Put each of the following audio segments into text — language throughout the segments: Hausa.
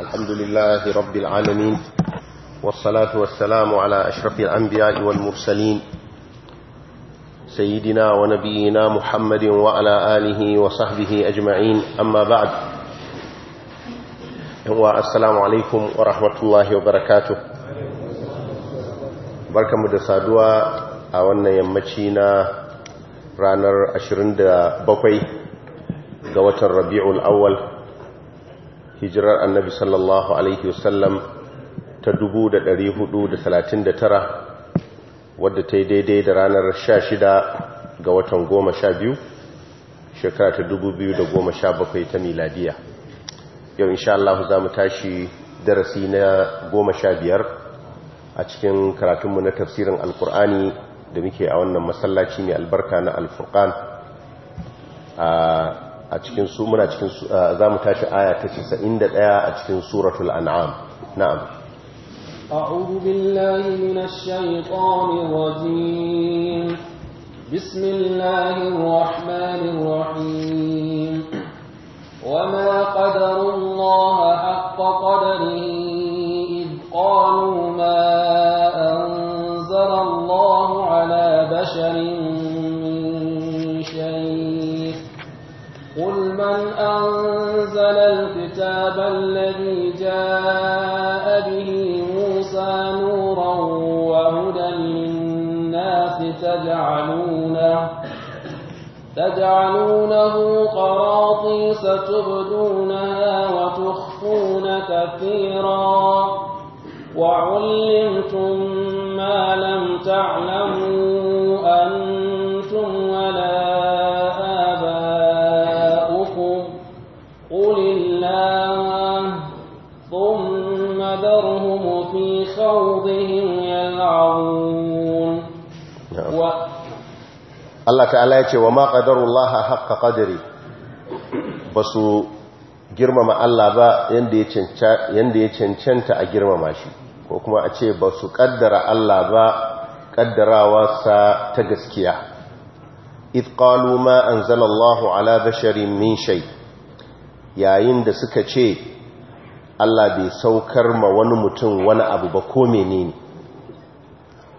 الحمد لله رب العالمين والصلاة والسلام على أشرف الأنبياء والمرسلين سيدنا ونبينا محمد وعلى آله وصحبه أجمعين أما بعد السلام عليكم ورحمة الله وبركاته بركة مدسادوة أولنا يمتشينا رانر أشرند بقي قوة الربيع الأول hijirar annabi sallallahu alaihi wasallam ta tara wadda ta yi daidai da ranar shida ga watan goma biyu shekara ta goma sha bakwai ta miladiya yau insha Allah za mu tashi darasi na biyar a cikin karatunmu na tafsirin alkur'ani da muke a wannan masallaci mai albarka na alfurkan a cikin su muna cikin za mu tashi aya ta 91 a cikin suratul an'am na'am أعوذ بالله من الشيطان الرجيم بسم الله الرحمن الرحيم وما قدر الله حق قدره إذ قالوا ما أنزل الله على بشر من أنزل الكتاب الذي جاء به موسى نورا وهدى للناس تجعلونه تجعلونه قراطيس تبدونها وتخفون كثيرا وعلمتم ما لم تعلموا أن يلعبون و... Allah ta'ala ya ce wa ma qadarullaha haqqa qadri basu girmama Allah ba yanda ya cancanta yanda ya cancanta a girmama shi ko kuma a ce basu kaddara Allah ba kaddarawa sa ta gaskiya id qalu ma anzalallahu ala basharin min shay yayin da suka ce Allah bai saukar ma wani mutum wani abu ba ko menene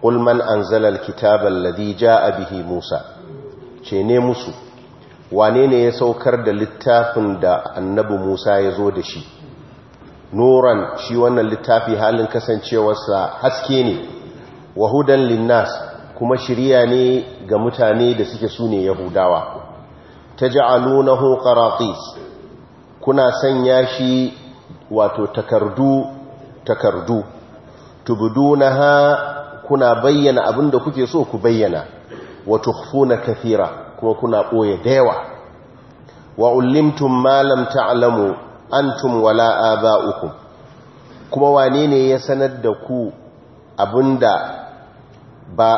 qul Anzalal anzala alkitaba alladhi jaa bihi Musa ce ne musu wane ne ya saukar da littafin da annabi Musa ya zo da shi nuran shi wannan littafi halin kasancewarsa haske ne wahudan linnas kuma shiriya ne ga mutane da suke sune yahudawa ta qaratis kuna sanya shi wato takardu takardu tubdunaha kuna bayyana abinda kuke so ku bayyana wa tukhfuna kathira kuma kuna boye dayawa wa ullimtum ma lam ta'lamu antum wala aba'ukum kuma wane ne ya sanar da ku abinda ba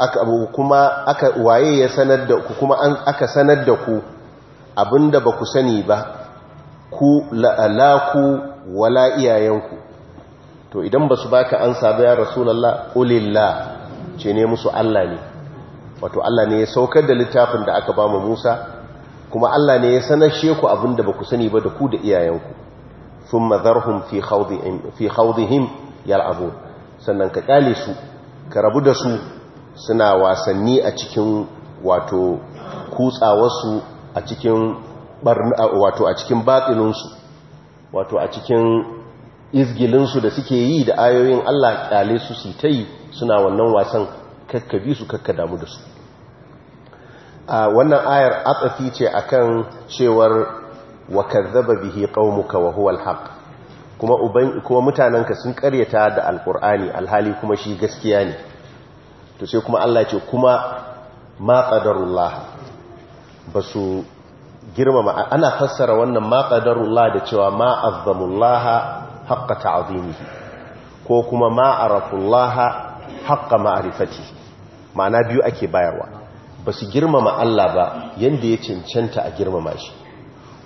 aka kuma aka waye ya sanar da ku kuma an aka sanar da ku abinda ba ku sani ba ku la'alaku wala iyayenku to idan ba su baka an sabu ya rasulallah ƙulillah ce ne musu Allah ne wato Allah ne ya saukar da littafin da aka ba mu Musa kuma Allah ne ya sanar sheku abinda da ba ku sani ba da ku da iyayenku sun mazarhun fi haudihim yal'abu sannan ka ƙyale su ka rabu da su suna wasanni a cikin wato kutsawarsu a cikin wato a cikin batsinunsu wato a cikin izgilinsu da suke yi da ayoyin Allah kyale su su ta yi suna wannan wasan kakkabi su kakka damu da su a wannan ayar atsafi ce a kan cewar wa kazzaba bihi qaumuka wa huwa alhaq kuma uban kuma mutananka sun karyata da alqur'ani alhali kuma shi gaskiya ne to sai kuma Allah ce kuma ma qadarullah basu girmama ana fassara wannan ma qadarullah da cewa ma azzamullah haqqa ta'zimihi ko kuma ma arafullah haqqa ma'rifati ma'ana biyu ake bayarwa ba su girmama Allah ba yanda ya cancanta a girmama shi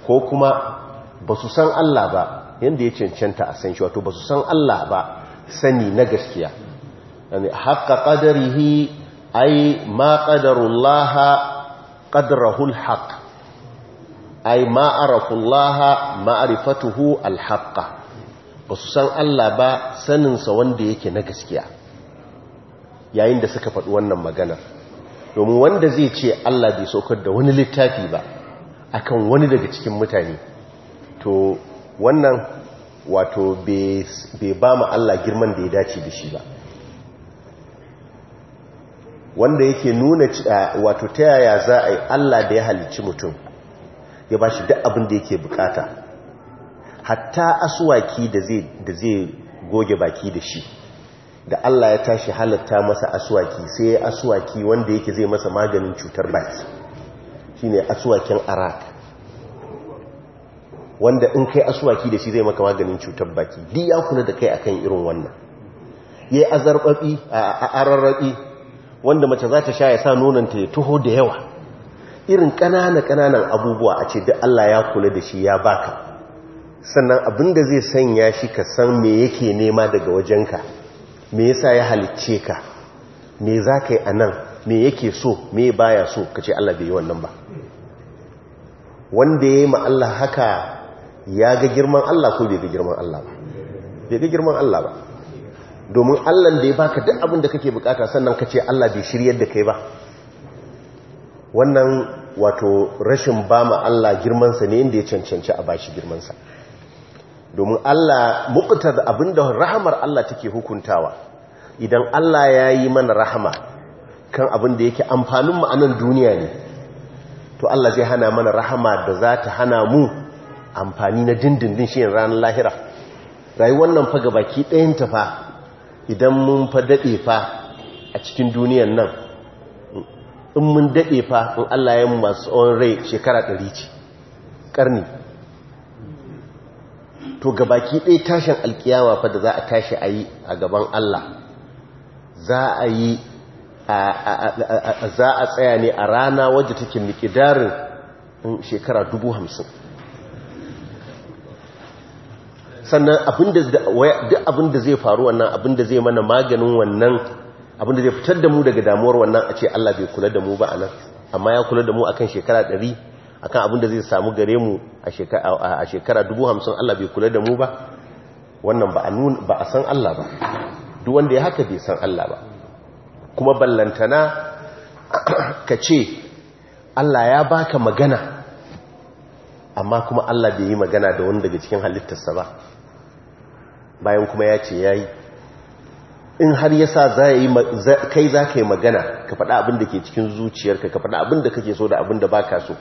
ko kuma ba su san Allah ba yanda ya cancanta a san shi wato ba su san Allah ba sani na gaskiya haqqa qadarihi ay ma qadarullah qadrahul haqq ai ma'arafullaha ma'arifatuhu alhaqqa ba su san Allah ba sanin sa wanda yake na gaskiya yayin da suka faɗi wannan magana domin wanda zai ce Allah bai saukar da wani littafi ba akan wani daga cikin mutane to wannan wato bai ba mu Allah girman da ya dace da shi ba wanda yake nuna wato ta yaya za a yi Allah da ya halicci mutum ya ba shi duk abin da yake bukata hatta aswaki da zai goge baki da shi da Allah ya tashi halatta masa aswaki sai ya aswaki wanda yake zai masa maganin cutar baki shine aswakin arak wanda in kai aswaki da shi zai maka maganin cutar baki duk ya kula da kai akan irin wannan yayi azarbabi a ararrabi wanda mace za ta sha ya sa nonanta ya tuho da yawa irin ƙanana-ƙananan abubuwa a ce duk Allah ya kula da shi ya baka sannan abinda zai sanya shi ka san me yake nema daga wajenka me yasa ya halicce ka me za ka yi a nan me yake so me baya so ka ce Allah bai yi wannan ba wanda ya yi ma haka ya ga girman Allah ko bai ga girman Allah ba bai ga girman Allah ba domin Allah da ya baka duk abin da kake bukata sannan ka ce Allah bai shiryar da kai ba wannan wato rashin ba ma Allah girmansa ne inda ya cancanci a bashi girmansa domin Allah muqtad abinda rahamar Allah take hukuntawa idan Allah ya yi mana rahama kan abinda yake amfanin mu a nan duniya ne to Allah zai hana mana rahama da za ta hana mu amfani na dindindin shi ranar lahira Rayu wannan fa baki ɗayan ta fa idan mun fa daɗe fa a cikin duniyan nan in mun daɗe fa in Allah ya masu tsawon rai shekara ɗari ce ƙarni to ga baki ɗaya tashin alkiyama fa da za a tashi a yi a gaban Allah za a yi za a tsaya ne a rana wadda take mikidarin shekara dubu hamsin sannan duk abinda zai faru wannan abinda zai mana maganin wannan abinda zai fitar da mu daga damuwar wannan a ce Allah bai kula da mu ba anan amma ya kula da mu akan shekara 100 akan abinda zai samu gare mu a shekara 50 Allah bai kula da mu ba wannan ba a nuna ba a san Allah ba duk wanda ya haka bai san Allah ba kuma ballantana ka ce Allah ya baka magana amma kuma Allah bai yi magana da wani daga cikin halittarsa ba bayan kuma ya ce ya yi. in har yasa kai za ka yi magana ka faɗa abin da ke cikin zuciyarka ka faɗa abin da kake so da abin da baka so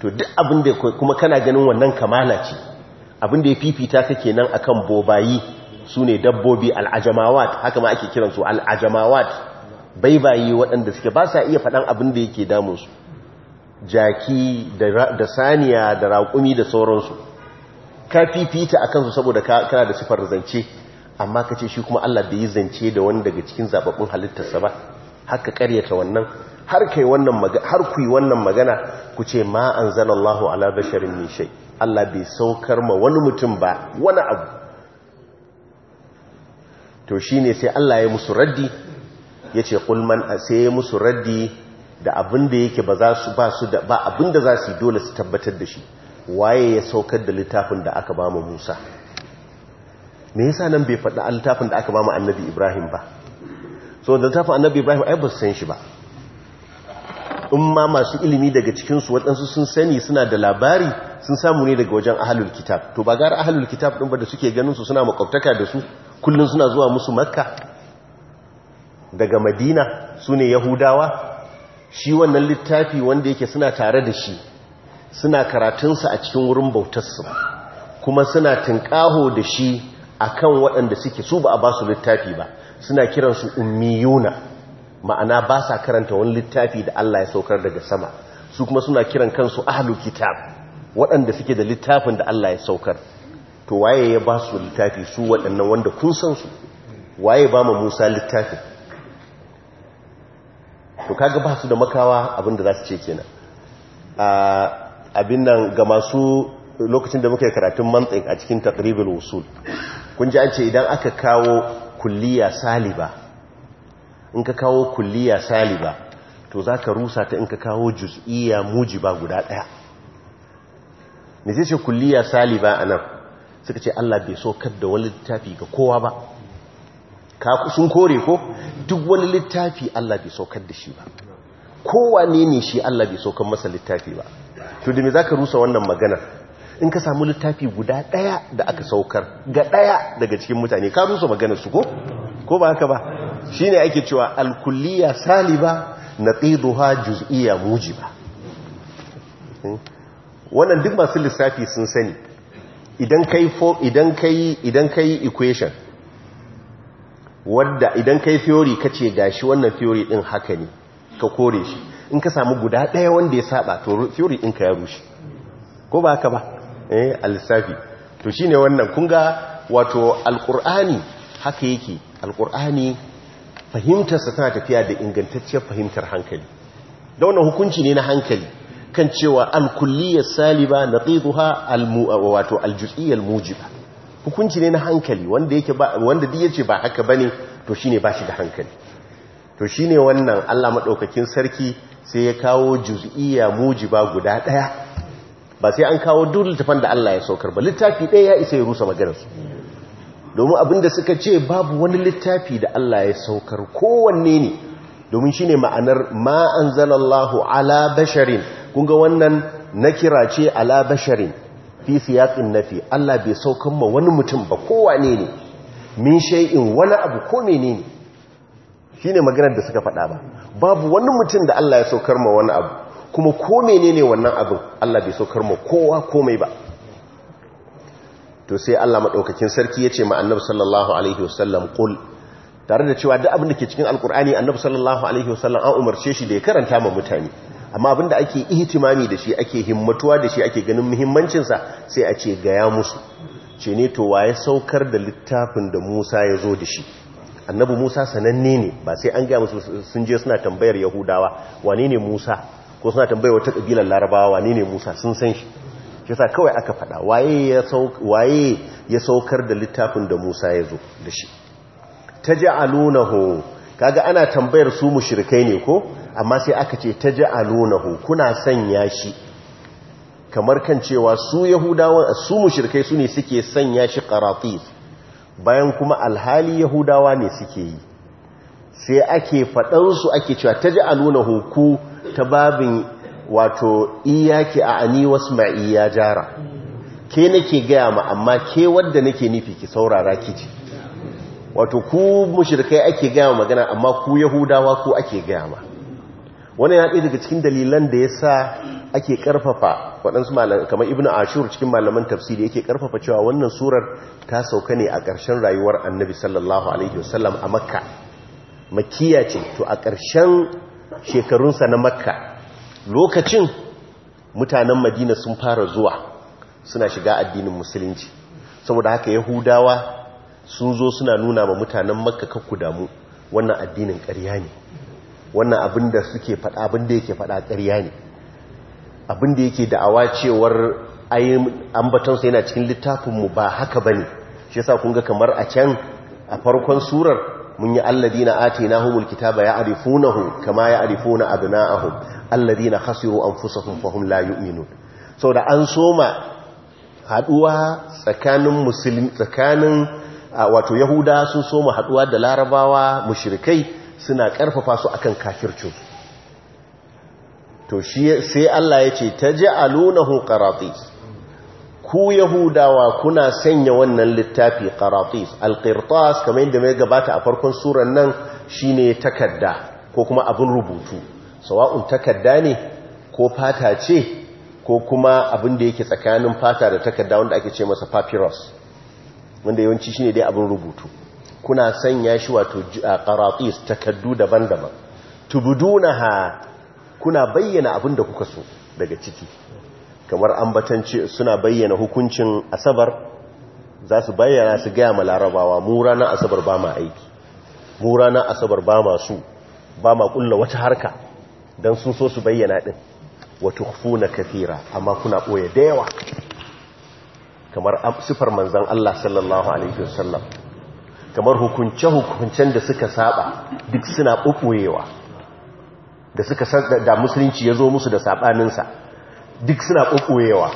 to duk abin da kuma kana ganin wannan kamala ce abin da ya fifita ka nan akan bobayi su ne dabbobi al'ajamawat haka ma ake kiransu al'ajamawat baibayi waɗanda suke ba sa iya faɗan abin da yake damunsu jaki da saniya da raƙumi da sauransu ka fifita a kansu saboda kana da sifar zance amma ka ce shi kuma Allah bai yi zance da wani daga cikin zaɓaɓɓun halittarsa ba haka karyata wannan har wannan magana har ku yi wannan magana ku ce ma allahu ala basharin min shay Allah bai saukar ma wani mutum ba wani abu to shine sai Allah ya musu raddi yace kulman man sai ya musu raddi da abin da yake ba za ba su da ba abin da za su yi dole su tabbatar da shi waye ya saukar da littafin da aka ba mu Musa me yasa nan bai faɗi altafin da aka ba mu annabi ibrahim ba so da altafin annabi ibrahim ai ba su san shi ba in ma masu ilimi daga cikinsu waɗansu sun sani suna da labari sun samu ne daga wajen ahalul kitab to ba gara ahalul kitab ɗin ba da suke ganin su suna makwabtaka da su kullum suna zuwa musu makka daga madina su ne yahudawa shi wannan littafi wanda yake suna tare da shi suna karatunsa a cikin wurin bautarsu kuma suna tunƙaho da shi akan waɗanda suke su ba a ba su littafi ba suna kiransu ummiyuna ma'ana ba sa karanta wani littafi da Allah ya saukar daga sama su kuma suna kiran kansu ahlu kitab waɗanda suke da littafin da Allah ya saukar to waye ya ba su littafi su waɗannan wanda kun san su waye ba mu Musa littafi? to kaga ba su da makawa abinda za su ce kenan abin nan ga masu lokacin da muke yi karatun mantsik a cikin taqribul usul kun ji an ce idan aka kawo kulliya saliba in ka kawo kulliya saliba to za ka rusa ta in ka kawo muji mujiba guda ɗaya ne zai ce kulliya saliba a nan suka ce allah bai so kadda wani littafi ga kowa ba Ka sun kore ko duk wani littafi allah bai so kadda shi ba kowa ne ne shi allah bai so kan masa littafi ba to da me za ka rusa wannan maganar in ka samu littafi guda daya da aka saukar ga daya daga cikin mutane ka rusa maganar su ko ko ba haka ba shine ake cewa alkulliya saliba naqiduha juz'iyya mujiba hmm? wannan duk masu lissafi sun sani idan kai fo idan kai idan kai equation wadda idan kai theory kace gashi wannan theory din haka ne ka kore shi in ka samu guda daya wanda ya saba to theory din ka ya rushe ko ba haka ba eh al safi to shine wannan kun ga wato al-qur'ani haka yake fahimtar fahimtarsa tana tafiya da ingantacciyar fahimtar hankali da wannan hukunci ne na hankali kan cewa al-kulliyya saliba naqiduha al-wato al-juz'iyya al-mujiba hukunci ne na hankali wanda yake ba wanda duk yace ba haka bane to shine ba shi da hankali to shine wannan Allah madaukakin sarki sai ya kawo juz'iyya mujiba guda daya ba sai an kawo duk littafin da Allah ya saukar ba littafi ɗaya ya isa ya rusa maganarsu domin abinda suka ce babu wani littafi da Allah ya saukar kowanne ne domin shine ma'anar ma anzalallahu ala basharin kun ga wannan kira ce ala basharin fi na nafi Allah bai saukan ma wani mutum ba kowane ne min shay'in wani abu ko menene shine maganar da suka faɗa ba babu wani mutum da Allah ya saukar ma wani abu kuma ko menene wannan abin Allah bai saukar mu kowa komai ba to sai Allah madaukakin sarki yace ma annabi sallallahu alaihi wasallam qul tare da cewa duk abin da ke cikin alkur'ani annabi sallallahu alaihi wasallam an umarce shi da ya karanta ma mutane amma abin da ake ihtimami da shi ake himmatuwa da shi ake ganin muhimmancin sa sai a ce gaya musu ce ne to waye saukar da littafin da Musa ya zo da shi annabi Musa sananne ne ba sai an gaya musu sun je suna tambayar Yahudawa wane ne Musa ko suna tambaya wata kabilar larabawa ne ne musa sun san shi shi sa kawai aka fada waye ya saukar da littafin da musa ya zo da shi ta alunahu kaga ana tambayar su mushrikai ne ko amma sai aka ce ta alunahu kuna sanya shi kamar kan cewa su yahudawa su mushrikai su ne suke sanya shi qaratif bayan kuma alhali yahudawa ne suke yi sai ake faɗansu ake cewa ta alunahu ku ta babin wato iyaki a ani wasu ma'i ya jara ke nake gaya ma amma ke wadda nake nufi ki saurara kici wato ku mushrikai ake gaya ma magana amma ku yahudawa ku ake gaya ma wannan ya daga cikin dalilan da yasa ake karfafa waɗansu malamai kamar ibnu ashur cikin malaman tafsiri yake karfafa cewa wannan surar ta sauka ne a ƙarshen rayuwar annabi sallallahu alaihi wasallam a makka makiya ce to a ƙarshen shekarunsa na makka lokacin mutanen madina sun fara zuwa suna shiga addinin musulunci saboda haka yahudawa sun zo suna nuna ma mutanen makka kakku damu wannan addinin ƙarya ne wannan abin da suke faɗa abin da yake faɗa ƙarya ne abin da yake da'awa cewar ambatonsa yana cikin littafinmu ba haka ba ne shi yasa kun ga kamar a can a farkon surar mun yi alladina atainahumul kitaba hun kama ya'rifuna abna'ahum alladina khasiru anfusahum fahum la yu'minun saboda an soma haduwa tsakanin musulmi tsakanin wato yahuda sun soma haduwa da larabawa mushrikai suna karfafa su akan kafircin to sai Allah ya ce taj'alunahu qaratis ku yahudawa kuna sanya wannan littafi karatis alqirtas kamar yadda mai gabata a farkon surar nan shine takarda ko kuma abin rubutu sawa'un takarda ne ko fata ce ko kuma abin da yake tsakanin fata da takarda wanda ake ce masa papyrus wanda yawanci shine dai abin rubutu kuna sanya shi wato karatis takardu daban-daban tubdunaha kuna bayyana abin da kuka so daga ciki kamar ambatanci suna bayyana hukuncin asabar za su bayyana su gaya ma larabawa mu ranar asabar ba ma aiki mu ranar asabar ba ma su ba ma kulla wata harka don sun so su bayyana din hufu na kafira amma kuna ɓoye da yawa kamar sifar manzan Allah sallallahu alaihi wasallam kamar hukunce-hukuncen da suka saba duk suna ɓoɓoyewa da suka da musulunci ya zo musu da saɓaninsa duk suna ƙoƙoyewa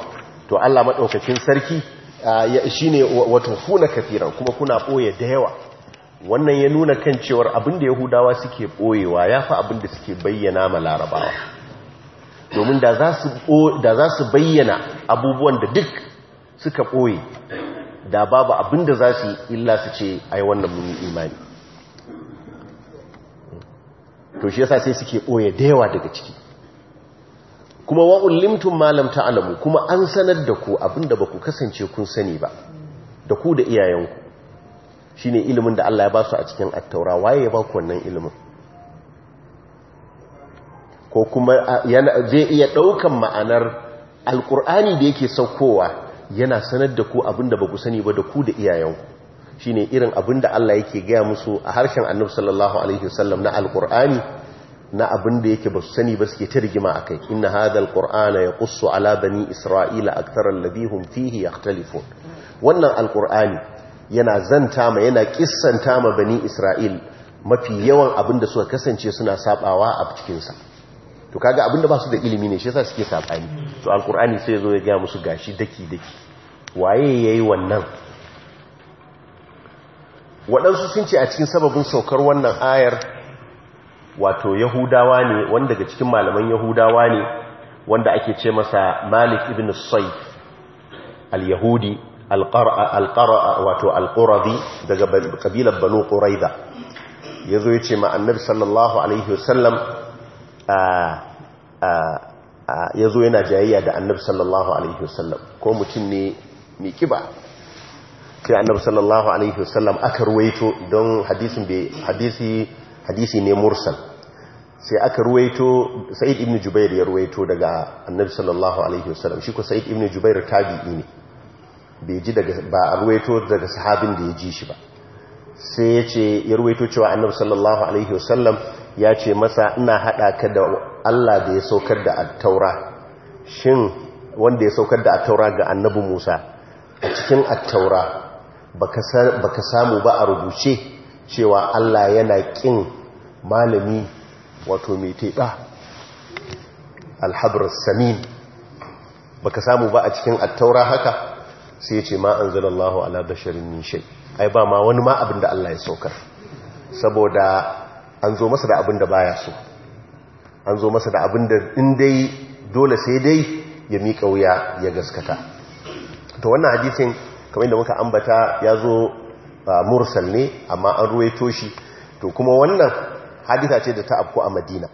to Allah maɗaukacin sarki shi shine wato funa kafiran kuma kuna ɓoye da yawa wannan ya nuna kan cewar abin da yahudawa suke boyewa yafi abin da suke bayyana ma larabawa domin da za su bayyana abubuwan da duk suka ɓoye da babu abin da za su illa su ce ai wannan mun imani to shi yasa sai suke ɓoye da yawa daga ciki kuma wa ulimtum ma lam ta'lamu kuma an sanar da ku abinda baku kasance kun sani ba da ku da iyayenku shine ilimin da Allah ya ba su a cikin attaura waye ya ba ku wannan ilimin ko kuma yana zai iya daukan ma'anar alqur'ani da yake saukowa yana sanar da ku abinda baku sani ba da ku da iyayenku shine irin abinda Allah yake gaya musu a harshen Annabi sallallahu alaihi wasallam na alqur'ani na abin da yake ba su sani ba suke ta rigima a kai inna hadal qur'ana ya kusu ala bani isra'ila akthar Labihun fihi yakhtalifun wannan alqur'ani yana zanta ma yana kissanta ma bani isra'il mafi yawan abin da suka kasance suna sabawa a cikin sa to kaga abin da ba su da ilimi ne shi yasa suke sabani to alqur'ani sai yazo ya ga musu gashi daki daki waye yayi wannan waɗansu sun ce a cikin sababin saukar wannan ayar wato yahudawa ne wanda daga cikin malaman yahudawa ne wanda ake ce masa malik ibn saif al-yahudi al-qara'a wato al-qurazi daga kabilar banu ya yazo ya ma annabi sallallahu alaihi wasallam a ah, ah, ah, ya yazo yana jayayya da annabi sallallahu alaihi wasallam ko mutum ne mai kiba sai annabi sallallahu alaihi wasallam aka ruwaito don bai hadisi hadisi ne mursal sai aka ruwaito sa'id ibn jubair ya ruwaito daga annabi sallallahu alaihi wasallam shi ko sa'id ibn jubair tabi'i ne bai ji daga ba a ruwaito daga sahabin da ya ji shi ba sai ya ce ya ruwaito cewa annabi sallallahu alaihi wasallam ya ce masa ina hada ka da Allah da ya saukar da at-taura shin wanda ya saukar da at-taura ga annabi Musa a cikin at-taura baka samu ba a rubuce cewa Allah yana ƙin malami wato mai teɓa alhabar samin ba ka samu ba a cikin attaura haka sai ce ma an zala Allah ala basharin nishe ai ba ma wani ma abin da Allah ya saukar saboda an zo masa da abin da baya so an zo masa da abin da indai dole sai dai ya miƙa wuya ya gaskata to wannan hadisin kamar da muka ambata ya zo Ba mursal ne amma an ruwaito shi to kuma wannan hadita ce da ta afku a madina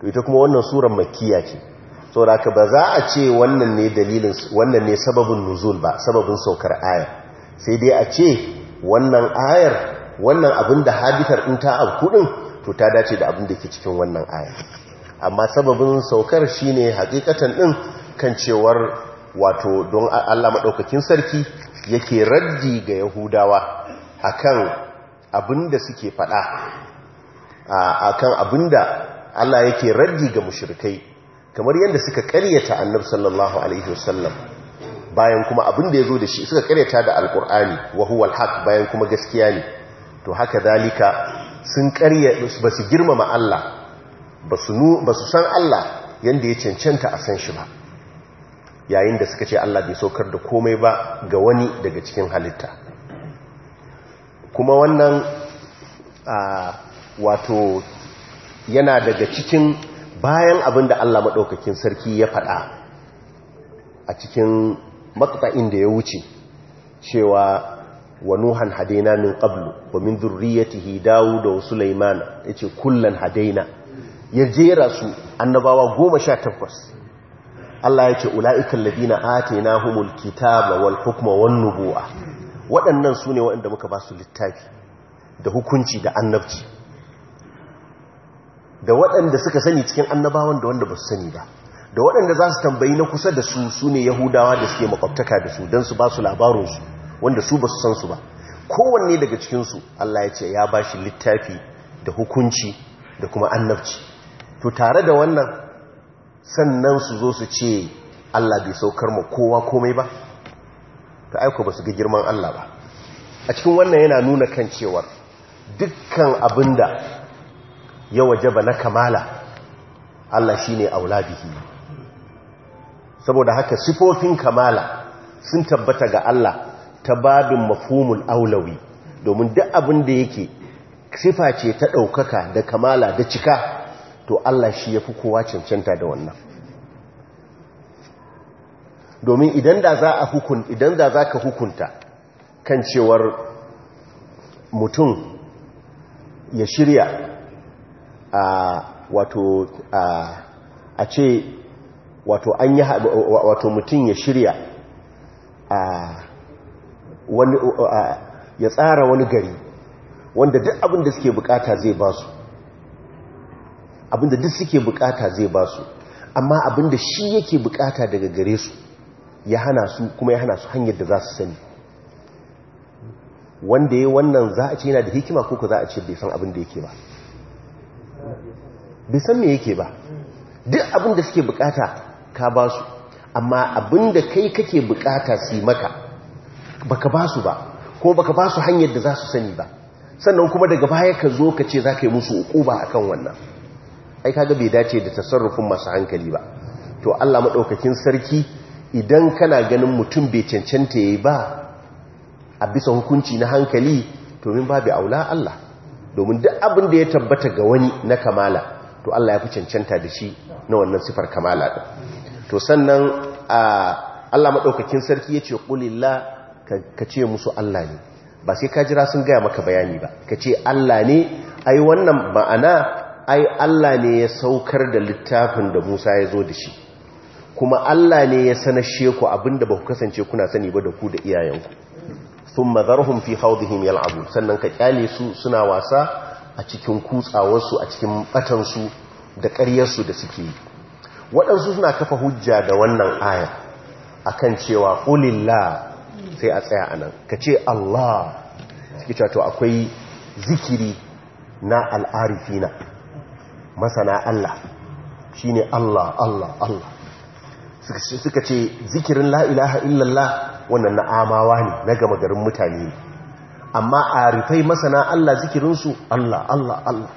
to ita kuma wannan surar makiya ce saboda haka ba za a ce wannan ne dalilin wannan ne sababin nuzul ba sababin saukar ayar sai dai a ce wannan ayar wannan abin da hadithar in ta afku din to ta dace da abin da ke cikin wannan ayar amma sababin saukar shine hakikatan din kan cewar wato don Allah maɗaukakin sarki yake raddi ga yahudawa akan abinda suke faɗa akan abinda Allah yake raddi ga mushirikai, kamar yadda suka karyata annabi sallallahu alaihi wasallam bayan kuma abinda zo da shi suka karyata da alƙur'ani wa huwal bayan kuma gaskiya ne to haka dalika sun karya ba su girmama Allah ba su san Allah yadda ya cancanta a san shi ba yayin da suka ce Allah bai saukar da komai ba ga wani daga cikin halitta kuma wannan wato yana daga cikin bayan abin da Allah maɗaukakin sarki ya faɗa a cikin matsa'in da ya wuce cewa wa nuhan hadaina min qablu wa min dhurriyyatihi dawud wa sulaiman yace kullan hadaina ya jera su annabawa 18 Allah ya ce ula'ikan ladina atina humul kitaba wal hukma wan nubuwa waɗannan su ne waɗanda muka ba su littafi da hukunci da annabci da waɗanda suka sani cikin annabawan da wanda ba su sani ba da waɗanda za su tambayi na kusa da su su ne yahudawa da suke makwabtaka da su don su ba su su wanda su ba su san su ba kowanne daga cikinsu Allah ya ce ya ba shi littafi da hukunci da kuma annabci to tare da wannan sannan su zo su ce Allah bai saukar mu kowa komai ba ta aiko ba su ga girman Allah ba a cikin wannan yana nuna kan cewar dukkan abinda ya waje ba na kamala Allah shine aulabihi saboda haka sifofin kamala sun tabbata ga Allah ta babin mafhumul aulawi domin duk abin da yake sifa ce ta ɗaukaka da kamala da cika to Allah shi ya fi kowa cancanta da wannan domin idan da za a hukun idan da za ka hukunta kan cewar mutum ya shirya a wato a ce wato an yi wato mutum ya shirya a wani ya tsara wani gari wanda duk abin da suke bukata zai basu. abinda duk suke bukata zai ba su amma abinda shi yake bukata daga gare su ya hana su kuma ya hana su hanyar da za su sani wanda ya wannan za a ce yana da hikima ko ku za a ce bai san abinda yake ba bai san me yake ba duk abinda suke bukata ka ba su amma abinda kai kake bukata su maka baka ba su ba ko baka ba su hanyar da za su sani ba sannan kuma daga baya ka zo ka ce za ka yi musu uku ba a kan wannan ai kaga bai dace da tasarrufin masu hankali ba to Allah maɗaukakin sarki idan kana ganin mutum bai cancanta yayi ba a bisa hukunci na hankali to min babu aula Allah domin duk abin da ya tabbata ga wani na kamala to Allah ya fi cancanta da shi na wannan sifar kamala din to sannan a Allah madaukakin sarki yace qulillah ka ce musu Allah ne ba sai ka jira sun gaya maka bayani ba ka ce Allah ne ai wannan ma'ana ai Allah ne ya saukar da littafin da Musa ya zo da shi kuma Allah ne ya sanashe ku abinda ba ku kasance kuna sani ba da ku da iyayenku thumma zarhum fi khawdihim yal'abu sannan ka kyale su suna wasa a cikin kutsawarsu a cikin batansu da ƙaryarsu da suke yi waɗansu suna kafa hujja da wannan aya akan cewa qulillah sai a tsaya anan ka ce Allah suke cewa akwai zikiri na al'arifina masana Allah shine Allah Allah Allah suka ce zikirin la'ilaha illallah wannan na amawa ne na gama garin mutane ne amma a rufai masana Allah zikirinsu Allah Allah Allah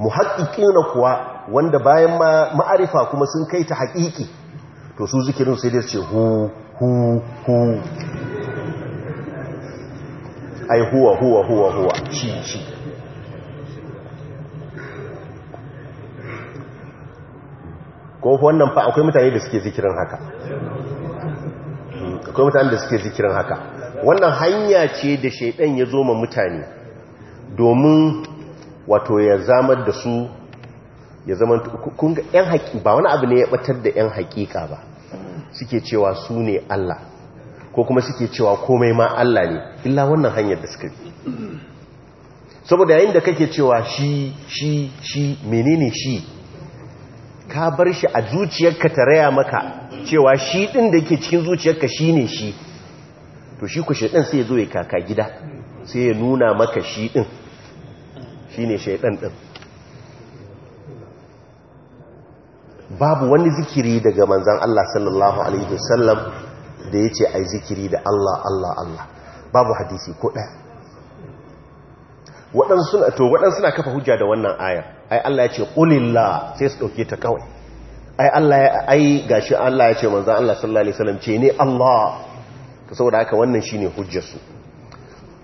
mu na kuwa wanda bayan ma'arifa kuma sun kai ta haƙiƙi to su zikirin sai dai ce hu hu hu ai huwa huwa huwa huwa shi shi ko wannan fa akwai mutane da suke zikirin haka akwai mutane da suke zikirin haka wannan hanya ce da shaidan ya zo ma mutane domin wato ya zamar da su ya zaman kun ga ɗan haƙi ba wani abu ne ya batar da yan haƙiƙa ba suke cewa su ne Allah ko kuma suke cewa komai ma Allah ne illa wannan hanyar da suka yi. saboda yayin da kake cewa shi shi shi menene shi ka bar shi a zuciyarka ta raya maka cewa shi ɗin da ke cikin zuciyarka shi ne shi to shi ku shaidan sai ya zo ya kaka gida sai ya nuna maka shi ɗin shi ne shaidan ɗin babu wani zikiri daga manzan Allah sallallahu Alaihi wasallam da ya ce a zikiri da Allah Allah Allah babu hadisi ko ɗaya waɗansu na kafa hujja da wannan ayar ai Allah ya ce qulillah sai su dauke ta kawai ai Allah ai gashi Allah ya ce manzo Allah sallallahu alaihi wasallam ce ne Allah to saboda haka wannan shine hujjar su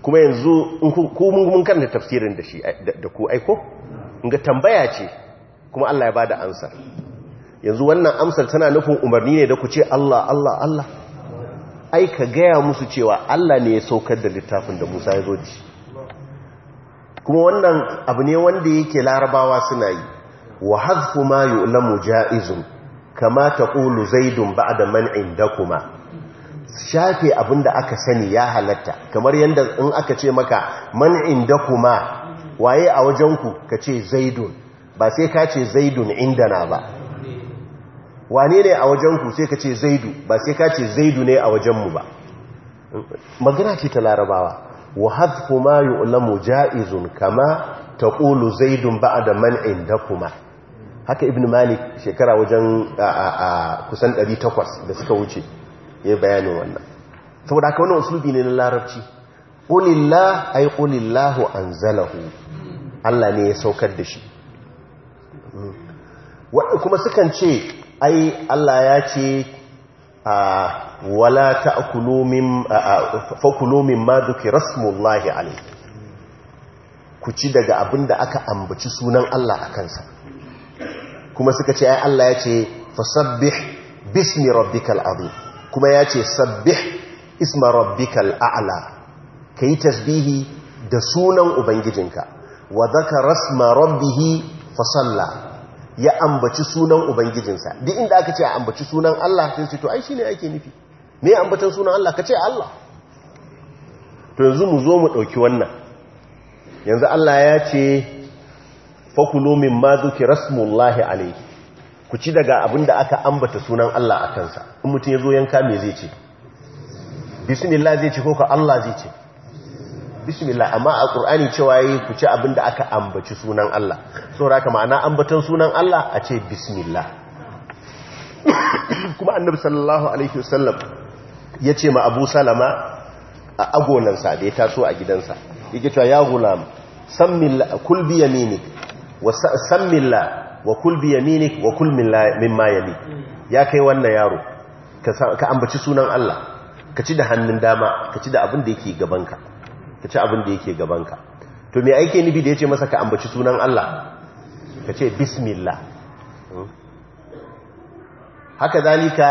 kuma yanzu in ku mun mun karanta tafsirin da shi da ku aiko? ko ga tambaya ce kuma Allah ya bada amsa yanzu wannan amsar tana nufin umarni ne da ku ce Allah Allah Allah ai ka gaya musu cewa Allah ne ya saukar da littafin da Musa ya zo da kuma wannan abu ne wanda yake larabawa suna yi wa hazfu ma yu'lamu ja'izun kama taqulu zaidun ba'da man indakuma shafe abinda aka sani ya halatta kamar yanda in aka ce maka man indakuma waye a wajenku kace zaidun ba sai ka ce zaidun indana ba wane ne a wajenku sai ka ce zaidu ba sai ka ce zaidu ne a wajenmu ba magana ce ta larabawa wa hadfu ma yu'lamu ja'izun kama taqulu zaidun ba'da man indakuma haka ibn malik shekara wajen kusan 800 da suka wuce ya bayanin wannan saboda haka wannan usulubi ne na larabci qulillah ay qulillahu anzalahu Allah ne ya saukar da shi kuma sukan ce ai Allah ya ce wala ta'kulu min fakulu rasmullahi alayhi ku ci daga abin da aka ambaci sunan Allah a kansa kuma suka ce ai Allah ya ce fasabbih bismi rabbikal azim kuma ya ce sabbih isma rabbikal a'la kai tasbihi da sunan ubangijinka wa dhakara rasma rabbih fasalla ya ambaci sunan ubangijinsa duk inda aka ce a ambaci sunan Allah sai ce to ai shine ake nufi me ambaci sunan Allah ka ce Allah to yanzu mu zo mu dauki wannan yanzu Allah ya ce fakulu mimma zukira rasmullahi alayhi ku ci daga abinda aka ambata sunan Allah a kansa in mutum ya zo yanka me zai ce bismillah zai ce ko ka Allah zai ce bismillah amma a ƙurani cewa yi ku ci da aka ambaci sunan Allah So raka ma'ana ambatan sunan Allah a ce bismillah kuma annabi sallallahu alaihi wasallam ce ma Abu Salama a agonansa da ya taso a gidansa yake cewa ya gulam sammilla kul bi yaminik wa sammilla wa kul bi yaminik wa kul ma yali ya kai wannan yaro ka ambaci sunan Allah ka ci da hannun dama ka ci da abin da yake gabanka ka ci abin da yake gabanka to mai aiki nufi da ya ce masa ka ambaci sunan Allah ka ce bismillah hmm? haka zalika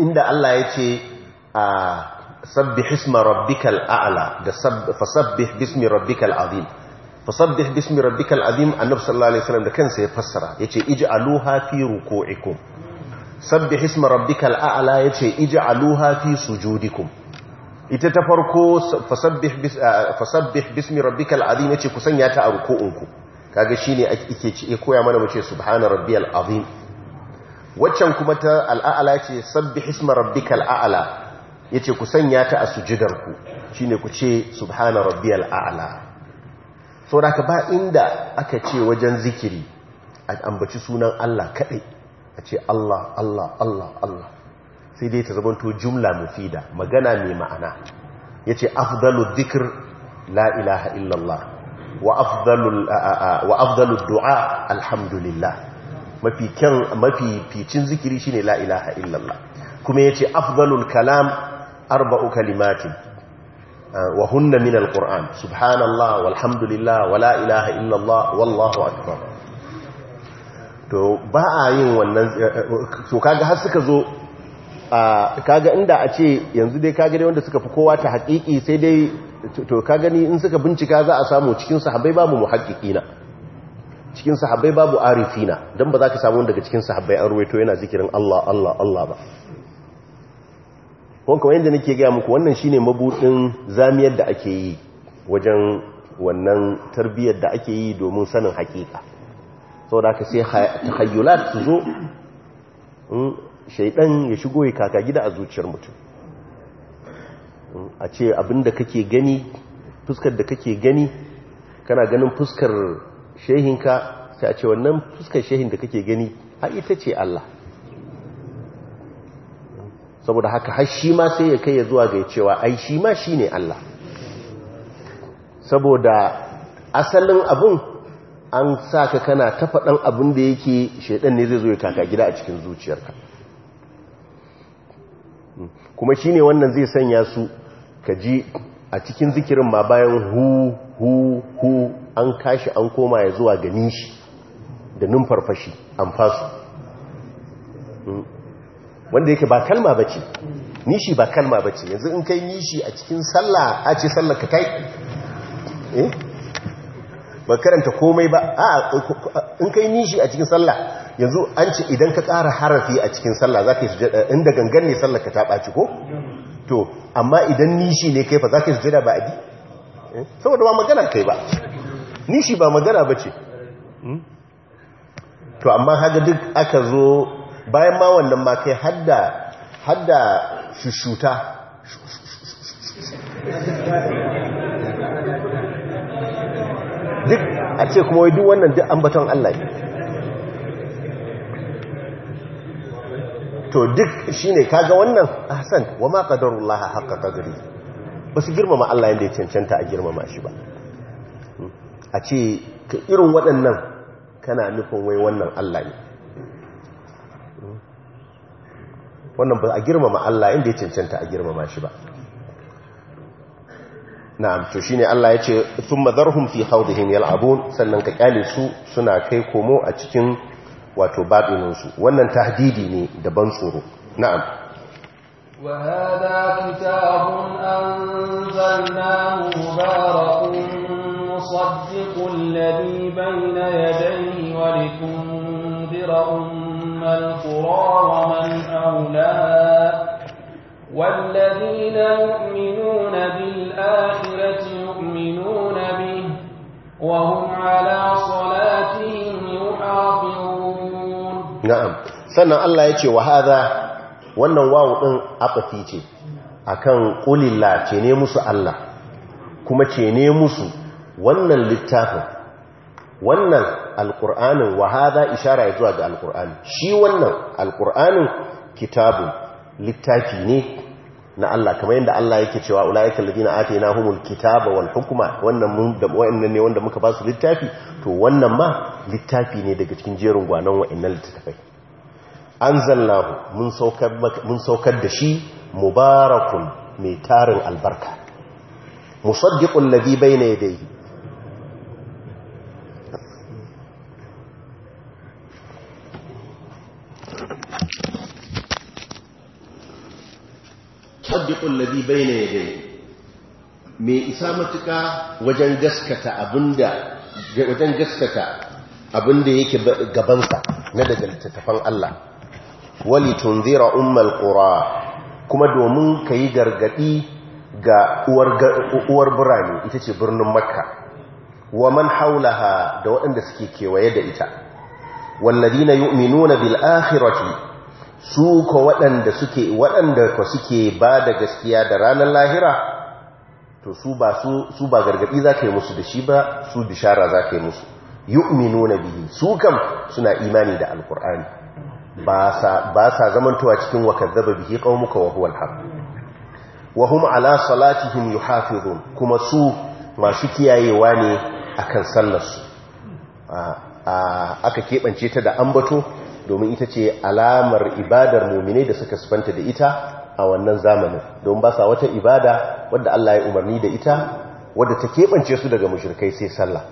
inda Allah ya ce a sabbi hisma rabbikal a'ala da fasabbi bismi rabbikal azim fasabbi bismi rabbikal azim annabi sallallahu alaihi wasallam da kansa ya fassara ya ce ij'aluha fi ruku'ikum sabbi hisma rabbikal a'ala ya ce ij'aluha fi sujudikum ita ta farko fasabbih bismi rabbikal azim yace ku sanya ta a ruku'unku kaga shine ake e koya mana muce subhana rabbiyal azim waccan kuma ta al'ala ce sabbih isma rabbikal a'la yace ku sanya ta a ku shine ku ce subhana rabbiyal a'la saboda ba inda aka ce wajen zikiri a ambaci sunan Allah kadai a ce Allah Allah Allah Allah sai dai ta zabanto jumla mufida magana mai ma'ana yace afdalu dhikr la ilaha illallah wa afdalu wa afdalu du'a alhamdulillah mafi kyan mafi ficin zikiri shine la ilaha illallah kuma yace afdalul kalam arba'u kalimatin wa hunna min alquran subhanallah walhamdulillah wa la ilaha illallah wallahu akbar to ba a yin wannan eh, eh, to kaga har suka zo kaga inda a ce yanzu dai kaga dai wanda suka fi kowa ta haƙiƙi sai dai to ka gani in suka bincika za a samu cikin sahabbai babu na cikin sahabbai babu arifina don ba za ka samu daga cikin sahabbai an ruwaito yana zikirin Allah Allah Allah ba wanka wanda nake gaya muku wannan ne mabudin zamiyar da ake yi wajen wannan tarbiyyar da ake yi domin sanin haƙiƙa saboda ka sai tahayyulat su zo hmm, shaidan ya shigo ya kaka gida a zuciyar mutum a ce abinda kake gani fuskar da kake gani kana ganin fuskar shehinka sai a ce wannan fuskar shehin da kake gani har ita ce Allah saboda haka har shi ma sai ya kai ya zuwa ga cewa ai shi ma shi ne Allah saboda asalin abun an sa ka kana tafaɗan abin da yake shaidan ne zai zo ya kaka gida a cikin zuciyarka kuma shi ne wannan zai sanya su ka ji a cikin zikirin ma bayan hu hu hu an kashi an koma ya zuwa gani shi da numfarfashi an fasu hmm. wanda yake ba kalma bace nishi ba kalma bace yanzu in kai nishi a cikin sallah a ce sallah ka kai eh ba karanta komai ba a in kai nishi a cikin sallah yanzu an ce idan ka ƙara harafi a cikin sallah za ka yi sujada inda gangan ne sallah ka taɓa ciko. to amma idan nishi ne kai fa za ka yi sujada ba abi eh, saboda ba magana kai ba nishi ba magana ba ce hmm? to amma haka duk aka zo bayan ma wannan ma kai hadda hadda shushuta a ce kuma wai duk wannan duk ambaton Allah ne to duk shine kaga wannan ahsan wa ma qadarullaha haqqa qadri basu girmama Allah yanda ya cancanta a girmama shi ba a ce irin waɗannan kana nufin wai wannan Allah ne wannan ba a girmama Allah yadda ya cancanta a girmama shi ba na'am to shine Allah ya ce thumma dharhum fi khawdihim yal'abun sannan ka kyale su suna kai komo a cikin wato babinin su wannan tahdidi ne da ban tsoro na'am wa hadha kitabun anzalnahu mubarakun musaddiqul ladhi bayna yadayhi wa litunzira ummal qura wa man awlaha والذين يؤمنون بالآخرة يؤمنون به وهم على صلاتهم يحافظون نعم سنة الله يتي وهذا wannan wawo din afafi ce akan qulilla ce ne musu Allah kuma ce ne musu wannan littafin wannan alqur'anin wa hada ishara zuwa ga alqur'ani shi wannan alqur'anin kitabun littafi ne na Allah kamar yadda Allah yake cewa ulaiyakal ladina atainahumul kitaba wal hukma wannan mun da wayannan ne wanda muka ba su littafi to wannan ma littafi ne daga cikin jerin gwanon wayannan littafai anzalahu mun saukar mun saukar da shi mubarakun mai tarin albarka musaddiqul ladhi bayna yadayhi musaddiqul ladhi bayna yadayhi me isa matuka wajen gaskata abinda wajen gaskata abinda yake gabansa na daga littattafan Allah wali tunzira ummal qura kuma domin kai gargadi ga uwar uwar burani ita ce birnin makka wa man haulaha da waɗanda suke kewaye da ita walladina yu'minuna bil akhirati su ko waɗanda suke waɗanda ko suke ba da gaskiya da ranar lahira to su ba su ba gargaɗi za ka yi musu da shi ba su bishara za ka yi musu yu'minu na bihi su kam suna imani da alkur'ani ba sa zamantowa cikin wa kadzaba bihi qaumuka wa huwa alhaq wa hum ala salatihim yuhafizun kuma su masu kiyayewa ne akan sallar su aka keɓance ta da ambato domin ita ce alamar ibadar mummine da suka sifanta da ita a wannan zamanin don ba sa wata ibada wadda Allah ya umarni da ita wadda ta keɓance su daga mushrikai sai sallah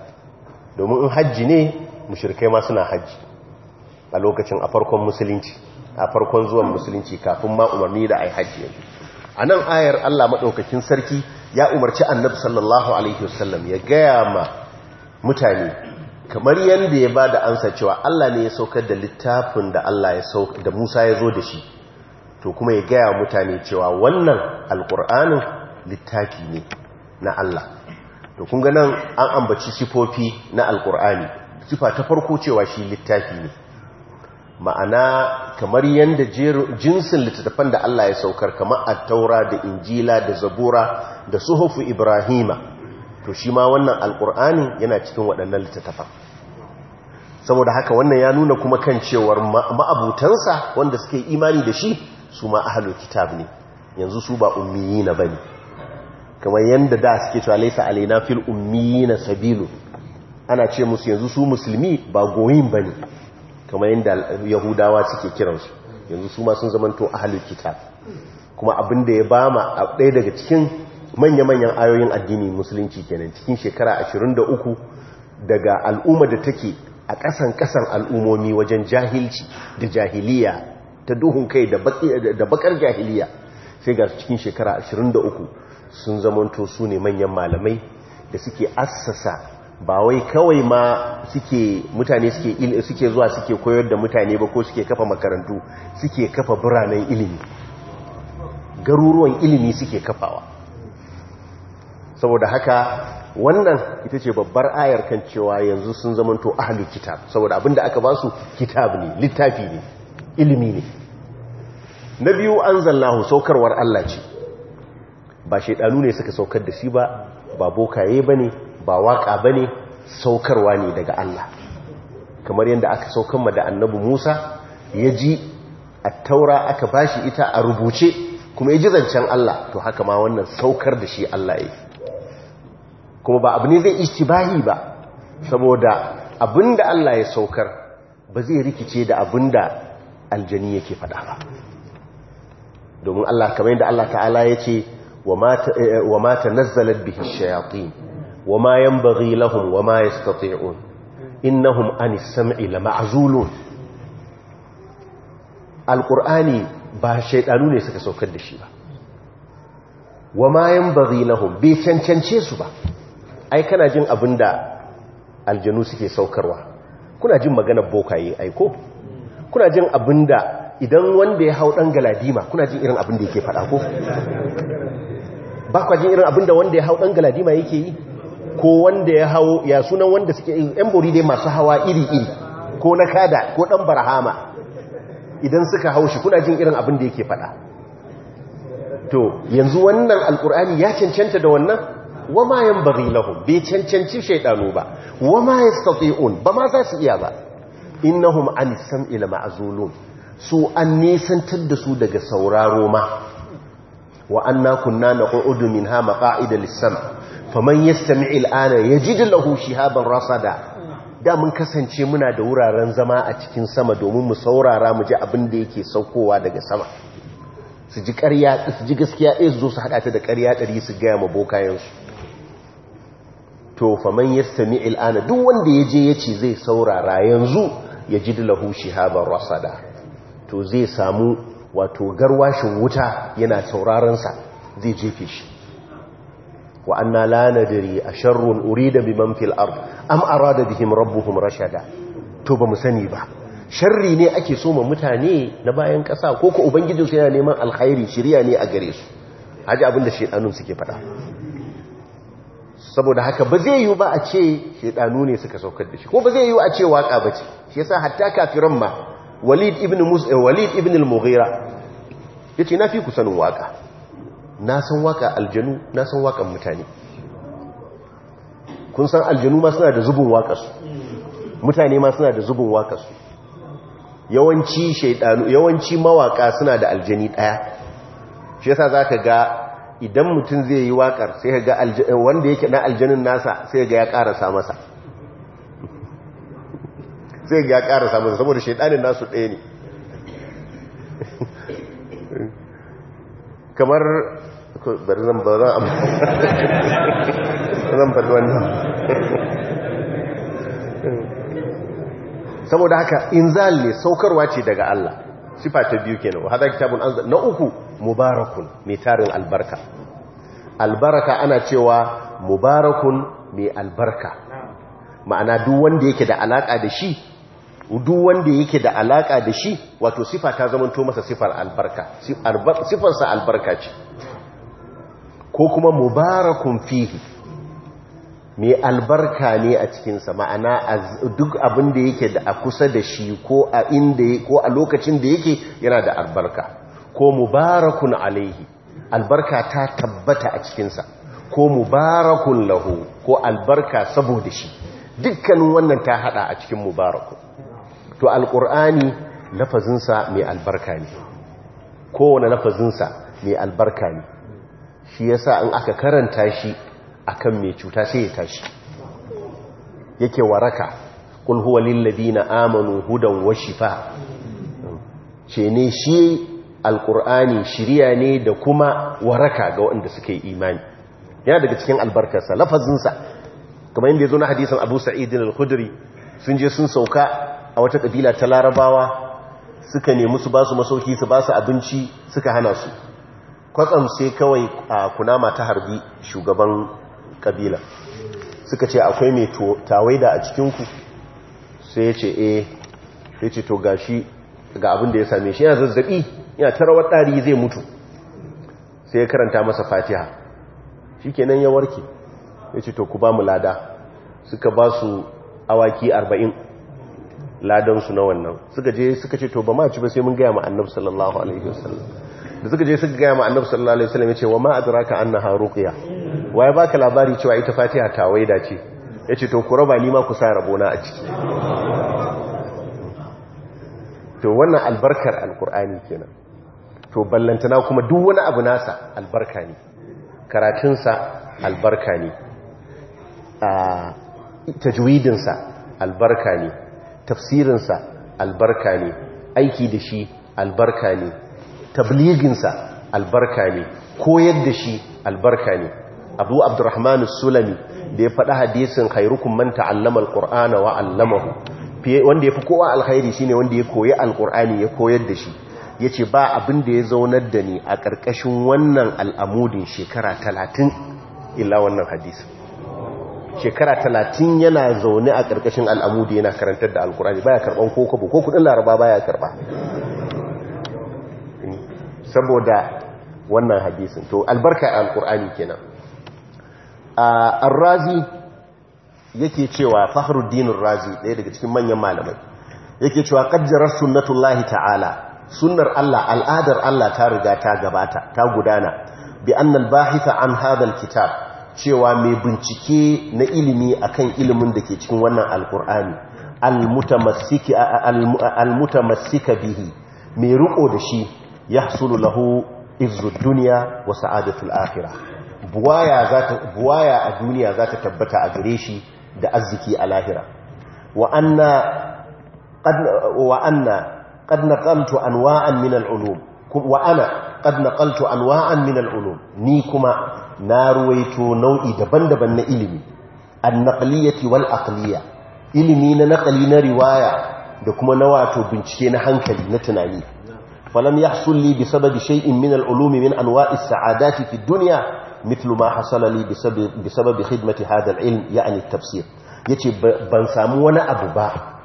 domin in hajji ne mushirikai ma suna hajji a lokacin a farkon musulunci a farkon zuwan musulunci kafin ma umarni da ai hajji yanzu a nan ayar Allah maɗaukakin sarki ya umarci annabi sallallahu alaihi wasallam ya gaya ma mutane kamar yadda ya ba da ansa cewa Allah ne ya saukar da littafin da Allah ya saukar da Musa ya zo da shi to kuma ya gaya mutane cewa wannan alkur'anin littafi ne na Allah to kun ga nan an ambaci sifofi na alkur'ani sifa ta farko cewa shi littafi ne ma'ana kamar yadda jinsin littattafan da Allah ya saukar kamar attaura da injila da zabura da suhufu ibrahima to shi ma wannan alkur'ani yana cikin waɗannan littattafa saboda haka wannan ya nuna kuma kan cewar ma'abutansa wanda suke imani da shi su ma ahalul kitab ne yanzu su ba ummiyina bane kamar yadda da suke cewa laisa alaina fil ummiyina sabilu ana ce musu yanzu su musulmi ba goyin bane kamar yanda yahudawa suke kiransu yanzu su ma sun zamanto ahalul kitab kuma abin da ya bama a ɗaya daga cikin manya-manyan ayoyin addini musulunci kenan cikin shekara 23 daga al'umma da take a ƙasan ƙasan al'ummomi wajen jahilci da jahiliya ta duhun kai da bakar jahiliya sai ga cikin shekara 23 sun zamanto su ne manyan malamai da suke assasa ba wai kawai ma suke mutane suke suke zuwa suke koyar da mutane ba ko suke kafa makarantu suke kafa biranen ilimi garuruwan ilimi suke kafawa saboda haka wannan ita ce babbar ayar kan cewa yanzu sun zamanto ahalin kitab saboda da aka ba su kitab ne littafi ne ilimi ne na biyu an anzalnahu saukarwar Allah ce ba shaidanu ne suka saukar da shi ba ba bokaye bane ba waka bane saukarwa ne daga Allah kamar yadda aka saukar ma da annabi Musa ya ji a taura aka bashi ita a rubuce kuma ya ji zancen Allah to haka ma wannan saukar da shi Allah yi. kuma ba abu ne zai istibahi ba saboda abinda Allah ya saukar ba zai rikice da abinda aljani yake fada ba domin Allah kamar yadda Allah ta'ala ya ce wa ma eh, tanazzalat bihi ash-shayatin wa ma yanbaghi lahum wa ma yastati'un innahum an sam'i ma'azulun. alqur'ani ba shaydanu ne suka saukar da shi ba wa ma yanbaghi lahum bi cancance su ba ai kana jin abin da aljanu suke saukarwa kuna jin magana bokaye aiko kuna jin abin da idan wanda ya hau ɗan galadima kuna jin irin abin da yake faɗa ko ba kwa jin irin abin da wanda ya hau ɗan galadima yake yi ko wanda ya hau ya sunan wanda suke yan bori dai masu hawa iri-iri ko na kada ko ɗan barhama idan suka hau shi kuna jin irin abin da yake faɗa to yanzu wannan alkur'ani ya cancanta da wannan wa ma bai bi cancanci shaytanu ba wa ma yastati'un ba ma za su iya ba innahum an sam'i la ma'zulun su an nisantar da su daga sauraro ma wa anna kunna na minha maqa'ida lis-sam' faman yastami'il ana yajid lahu shihaban rasada da mun kasance muna da wuraren zama a cikin sama domin mu saurara mu ji abin da yake saukowa daga sama su ji gaskiya ɗaya su zo su haɗa ta da ƙarya ɗari su gaya ma bokayensu to faman yastami il'ana duk wanda ya je ya ce zai saurara yanzu ya ji lahu shihaban rasada to zai samu wato garwashin wuta yana sa zai jefe shi wa anna la nadri asharrun urida biman fil ard am da bihim rabbuhum rashada to ba mu sani ba sharri ne ake so ma mutane na bayan ƙasa ko ko ubangijinsu yana neman alkhairi shiriya ne a gare su haji abinda shedanun suke faɗa saboda haka ba zai yiwu ba a ce shaidanu ne suka saukar da shi ko ba zai yiwu a ce waka ba ce shi yasa hatta kafiran ma walid ibn musa eh, walid ibn al-mughira yace na fi ku sanin waka na san waka aljanu na san wakan mutane kun san aljanu ma suna da zubin su mutane ma suna da zubin su yawanci shaidanu yawanci mawaka suna da aljani daya shi yasa zaka ga idan mutum zai yi wakar sai ga wanda yake na aljanin nasa sai ga ya karasa masa sai ga ya karasa masa saboda shaidanin nasu ɗaya ne kamar bari zan ba zan amma zan faɗi wannan saboda haka inzal ne saukarwa ce daga Allah sifa ta biyu kenan hada kitabun anzal na uku mubarakun mai tarin albarka albarka ana cewa mubarakun mai albarka ma'ana duk wanda yake da alaka da shi duk wanda yake da alaka da shi wato sifa ta zamanto masa sifar albarka sifarsa albarka ce ko kuma mubarakun fihi mai albarka ne a cikinsa ma'ana duk abinda yake da a kusa da shi ko ko a lokacin da yake yana da albarka ko mubarakun alaihi albarka ta tabbata a cikinsa ko mubarakun lahu ko albarka saboda shi dukkanin wannan ta hada a cikin mubarakun to alkur'ani lafazinsa mai albarka ne kowane lafazinsa mai albarka ne shi yasa in aka karanta shi akan mai cuta sai ya tashi yake waraka kul huwa lil ladina amanu hudan wa shifa ce ne shi alkur'ani shirya ne da kuma waraka ga waɗanda suke imani yana daga cikin albarkarsa lafazinsa kamar yadda ya zo na hadisan abu sa'idin al-khudri sun je sun sauka a wata ƙabila ta larabawa suka nemi su ba su masauki su ba su abinci suka hana su kwatsam sai kawai a kunama ta harbi shugaban ƙabila suka ce akwai mai tawaida a cikinku sai ya ce eh sai ce to gashi ga abin da ya same shi yana zazzaɓi. ya ta rawar ɗari zai mutu sai ya karanta masa fatiha shi kenan ya warke ya ce to ku ba mu lada suka ba su awaki arba'in ladansu na wannan suka je suka ce to ba ma ci ba sai mun gaya ma annabu sallallahu alaihi wasallam da suka je suka gaya ma annabu sallallahu alaihi wasallam ya ce wa ma adraka annaha ruqya waye baka labari cewa ita fatiha ta waida ce ce to ku raba ni ma ku sa rabona a ciki to wannan albarkar alqur'ani kenan to ballantana kuma duk wani abu nasa albarka ne karatunsa albarka ne tajwidinsa albarka ne tafsirinsa albarka ne aiki da shi albarka ne tabliginsa albarka ne koyar da shi albarka ne abu abdurrahman sulami da ya faɗi hadisin khairukum man ta'allama alqur'ana wa 'allamahu wanda ya fi kowa alkhairi shine wanda ya koyi alqur'ani ya koyar da shi ya ce ba abin da ya zaunar da ni a ƙarƙashin wannan al'amudin shekara talatin illa wannan hadis shekara talatin yana zaune a ƙarƙashin al'amudi yana karantar da ba baya karɓan ko kubu ko kudin laraba baya karɓa saboda wannan hadisin to albarka Alƙur'ani kenan arrazi yake cewa fahruddinin razi ɗaya daga cikin manyan malamai yake cewa ƙajjarar sunnatullahi ta'ala sunnar Allah al'adar Allah ta riga ta gabata ta gudana bi annal bahitha an hadal kitab cewa mai bincike na ilimi akan ilimin da ke cikin wannan alkur'ani almutamassika bihi mai ruko da shi yahsulu lahu izzud dunya wa sa'adatul akhirah buwaya a duniya zata tabbata a gare shi da arziki a lahira wa anna qad naqaltu anwa'an min al-ulum ulum ni kuma na ruwaito nau'i daban-daban na ilimi an wal aqliya ilimi na naqli na riwaya da kuma na wato bincike na hankali na tunani falam yahsul li bisababi shay'in min al-ulum min anwa'i as-sa'adati fi ad-dunya mithlu ma hasala li bisababi khidmati hadha al-ilm ya'ni at-tafsir yace ban samu wani abu ba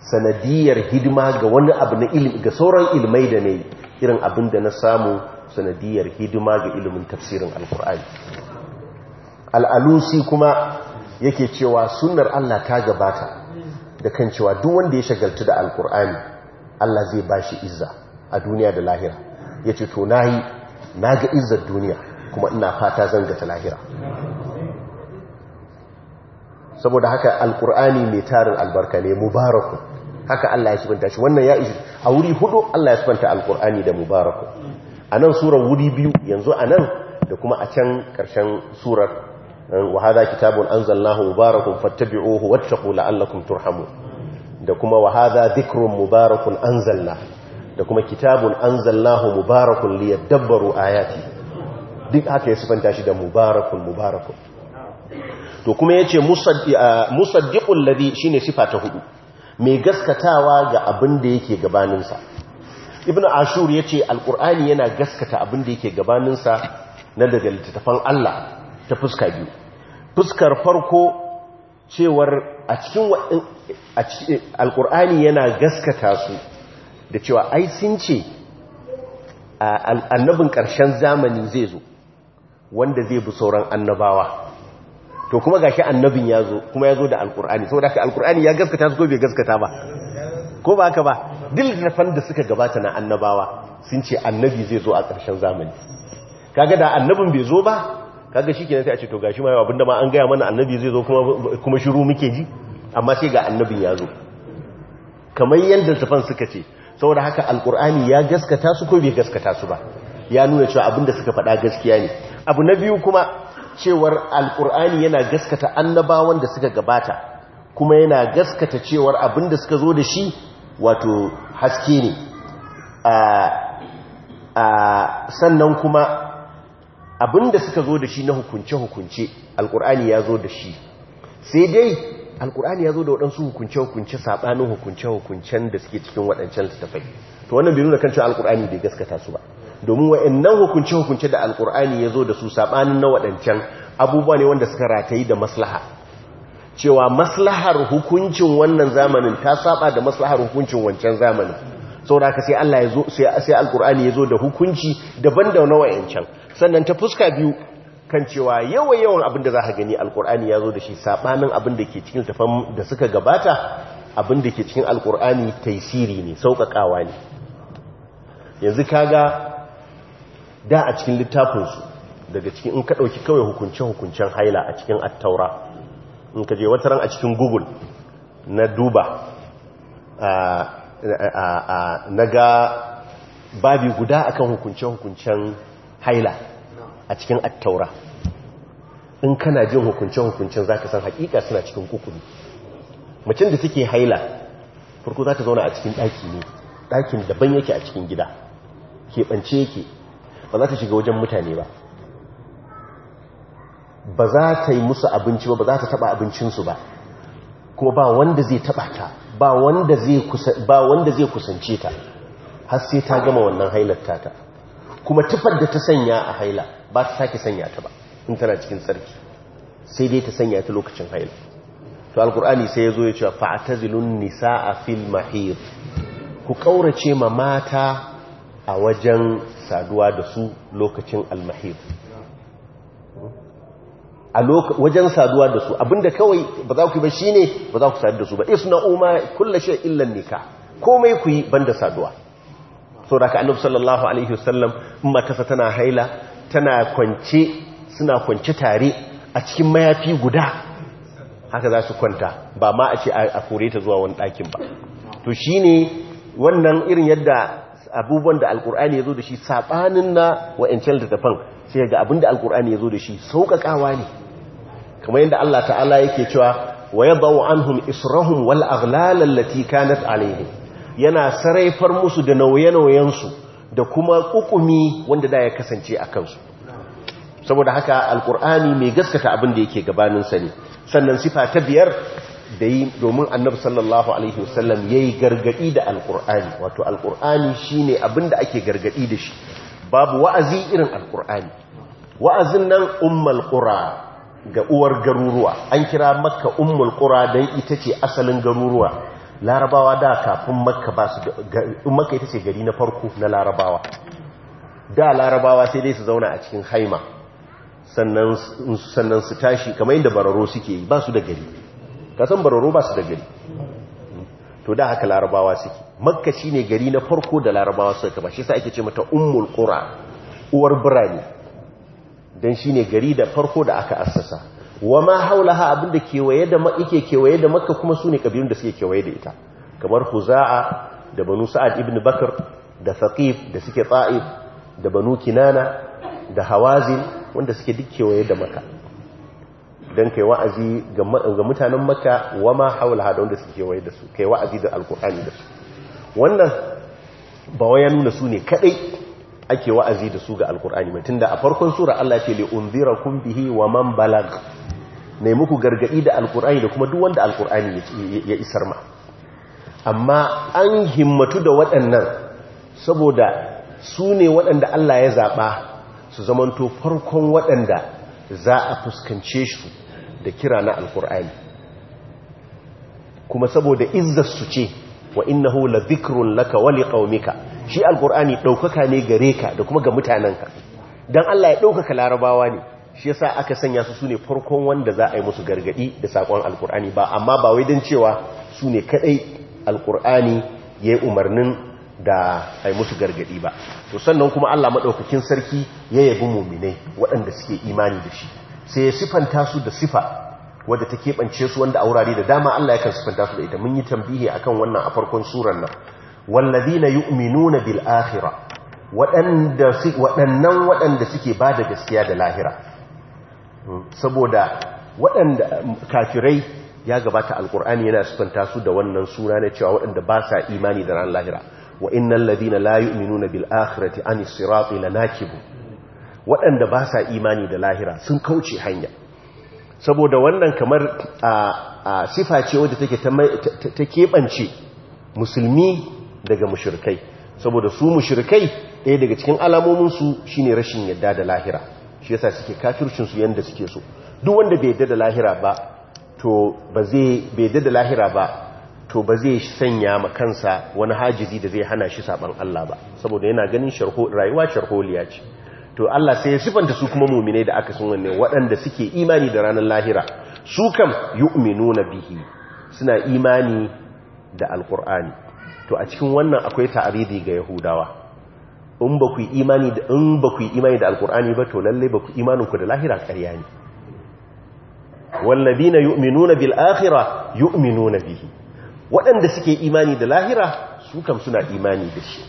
sanadiyar hidima ga wani abu na ilimi ga sauran ilmai da ne irin abin da na samu sanadiyar hidima ga ilimin tafsirin alkur'ani al'alusi kuma yake cewa sunar Allah ta gabata da kan cewa duk wanda ya shagaltu da alkur'ani Allah zai ba shi izza a duniya da lahira ya ce to nayi na ga izzar duniya kuma ina fata zan ta lahira saboda haka alkur'ani mai tarin albarka ne mubarakun haka Allah ya sifanta shi wannan ya ishi a wuri hudu Allah ya sifanta alkur'ani da mubaraku a nan surar wuri biyu yanzu a nan da kuma a can karshen surar wa hadha kitabun anzalnahu mubarakun fattabi'uhu kula la'allakum turhamu da kuma wa hadha dhikrun mubarakun anzalna da kuma kitabun anzalnahu mubarakun liyadabbaru ayati duk haka ya sifanta shi da mubarakun mubarakun to kuma yace musaddiqul shi shine sifa ta hudu mai gaskatawa ga abin da yake gabaninsa ibn ashur ya ce alkur'ani yana gaskata abin da yake gabaninsa na daga littattafan allah ta fuska biyu fuskar farko cewar a cikin alkur'ani yana gaskata su da cewa ai sun ce annabin ƙarshen zamani zai zo wanda zai bi sauran annabawa to kuma gashi annabin ya zo kuma ya zo da alkur'ani saboda haka alkur'ani ya gaskata su ko bai gaskata ba ko ba haka ba dillafan da suka gabata na annabawa sun ce annabi zai zo a ƙarshen zamani kaga da annabin bai zo ba kaga shi kenan sai a ce to gashi ma yau abinda ma an gaya mana annabi zai zo kuma shiru muke ji amma sai ga annabin ya zo kamar yadda tafan suka ce saboda haka alkur'ani ya gaskata su ko bai gaskata su ba ya nuna cewa abinda suka faɗa gaskiya ne abu na biyu kuma cewar alkur'ani yana gaskata annabawan da suka gabata kuma yana gaskata cewar abin da suka zo da shi wato haske ne sannan kuma abin da suka zo da shi na hukunce-hukunce alkur'ani ya zo da shi sai dai alkur'ani ya zo da waɗansu hukunce-hukunce saɓanin hukunce-hukuncen da suke cikin waɗancan littattafai to wannan bai nuna kan cewa alkur'ani bai gaskata su ba domin wa'annan hukunce-hukunce da alkur'ani ya zo da su saɓanin na waɗancan abubuwa ne wanda suka ratayi da maslaha cewa maslahar hukuncin wannan zamanin ta saba da maslahar hukuncin wancan zamanin sauraka sai Allah ya zo sai alkur'ani ya zo da hukunci daban da na wa'ancan sannan ta fuska biyu kan cewa yawan yawan abin da za ka gani alkur'ani ya zo da shi saɓanin abin da ke cikin tafan da suka gabata abin da ke cikin alkur'ani taisiri ne sauƙaƙawa ne yanzu kaga da a cikin littafinsu daga cikin in ka ɗauki kawai hukunce-hukuncen haila a cikin attaura in ka je wataran a cikin google na duba na ga babi guda akan hukunce-hukuncen haila a cikin attaura in kana jin hukunce-hukuncen za ka san hakika suna cikin kukuru macin da suke haila farko za ta zauna a cikin ɗaki ne ɗakin daban yake a cikin gida keɓance yake ba za ta shiga wajen mutane ba ba za ta yi musu abinci ba ba za ta taba abincinsu ba kuma ba wanda zai taba ta ba wanda zai kusance ta har sai ta gama wannan hailar ta kuma tufar da ta sanya a haila ba ta sake sanya ta ba in tana cikin tsarki sai dai ta sanya ta lokacin haila to alkur'ani sai ya zo ya cewa fa'atazilun nisa'a fil mahir ku kaurace ma mata a wajen saduwa da su lokacin almahir a wajen saduwa da su abinda kawai ba za ku ba shi ne ba za ku sadu da su ba isna umar kulla shi illan nika komai ku yi banda saduwa so da ka sallallahu alaihi wasallam matasa tana haila tana kwance suna kwance tare a cikin mayafi guda haka za su kwanta ba ma a ce a kore ta zuwa wani ɗakin ba to shi ne wannan irin yadda abubuwan da alkur'ani ya zo da shi saɓanin na wa'ancan littattafan sai ga abin da alkur'ani ya zo da shi sauƙaƙawa ne kamar yadda Allah ta'ala yake cewa wa ya bawo anhum israhum wal aghlal latika na alayhi yana saraifar musu da nauye-nauyensu da kuma ƙuƙumi wanda da ya kasance a kansu saboda haka alkur'ani mai gaskata abin da yake gabaninsa ne sannan sifa ta biyar da yi domin annabi sallallahu alaihi wasallam yi gargaɗi da alƙur'ani wato ne shine da ake gargaɗi da shi babu wa'azi irin alƙur'ani wa'azin nan ummul qura ga uwar garuruwa an kira makka ummul qura dan ita ce asalin garuruwa larabawa da kafin makka ba su makka ita ce gari na farko na larabawa da larabawa sai dai su zauna a cikin haima sannan su tashi kamar yadda bararo suke yi ba su da gari kasan bararo ba su da gari to da haka larabawa suke makka shi ne gari na farko da larabawa su ka kama shi sa ake ce mata ummul kur'a uwar birane dan ne gari da farko da aka assasa wama haulaha abinda kewaye da yake kewaye da makka kuma su ne kabilun da suke kewaye da ita kamar huza'a da banu sa'ad ibn Bakar da thaqif da suke ta'if da banu kinana da hawazin wanda suke duk kewaye da makka don kai wa'azi ga mutanen maka wa ma haula haɗa wanda suke waye da su kai wa'azi da alkur'ani da su wannan ba waya nuna su ne kaɗai ake wa'azi da su ga alkur'ani mai tunda a farkon sura Allah ce unzira kun bihi wa man balag ne muku gargaɗi da alkur'ani da kuma duk wanda alkur'ani ya isar ma amma an himmatu da waɗannan saboda su ne waɗanda Allah ya zaɓa su zamanto farkon waɗanda za a fuskance su da kira na alkur'ani kuma saboda su ce wa innahu la zikrun laka wa liqaumika shi alkur'ani daukaka ne gare ka da kuma ga mutanenka dan Allah ya daukaka larabawa ne shi yasa aka sanya su sune farkon wanda za a yi musu gargadi da sakon alkur'ani ba amma ba wai dan cewa su ne kadai alkur'ani yi umarnin da ai musu gargadi ba to sannan kuma Allah maɗaukakin sarki ya yabi mu'minai waɗanda suke imani da shi sai ya sifanta su da sifa wadda ta keɓance su wanda a wurare da dama Allah ya kan sifanta su da ita mun yi tambihi akan wannan a farkon surar nan wallazina yu'minuna bil akhirah waɗanda waɗannan waɗanda suke ba da gaskiya da lahira hmm, saboda waɗanda hmm, kafirai ya gabata alkur'ani yana sufanta su da wannan suna na cewa waɗanda ba sa imani da ran lahira wa innal ladina la yu'minuna bil akhirati anis sirati nakibu. waɗanda ba sa imani da lahira sun kauce hanya saboda wannan kamar a sifa ce wadda take ta keɓance musulmi daga mushrikai saboda su mushrikai ɗaya daga cikin alamomin su shine rashin yadda da lahira shi yasa suke su yadda suke so duk wanda bai yadda da lahira ba to ba zai bai yadda da lahira ba to ba zai sanya ma kansa wani hajizi da zai hana shi saban Allah ba saboda yana ganin rayuwa sharholiya ce to Allah sai ya sifanta su kuma muminai da aka sun wanne waɗanda suke imani da ranar lahira su kam yu'minuna bihi suna imani da Alƙur'ani. to a cikin wannan akwai ta'aridi ga yahudawa in ba ku imani da in ba imani da alkur'ani ba to lalle ba ku imanin ku da lahira ƙarya ne wallabina yu'minuna bil akhirah yu'minuna bihi waɗanda suke imani da lahira su kam suna imani da shi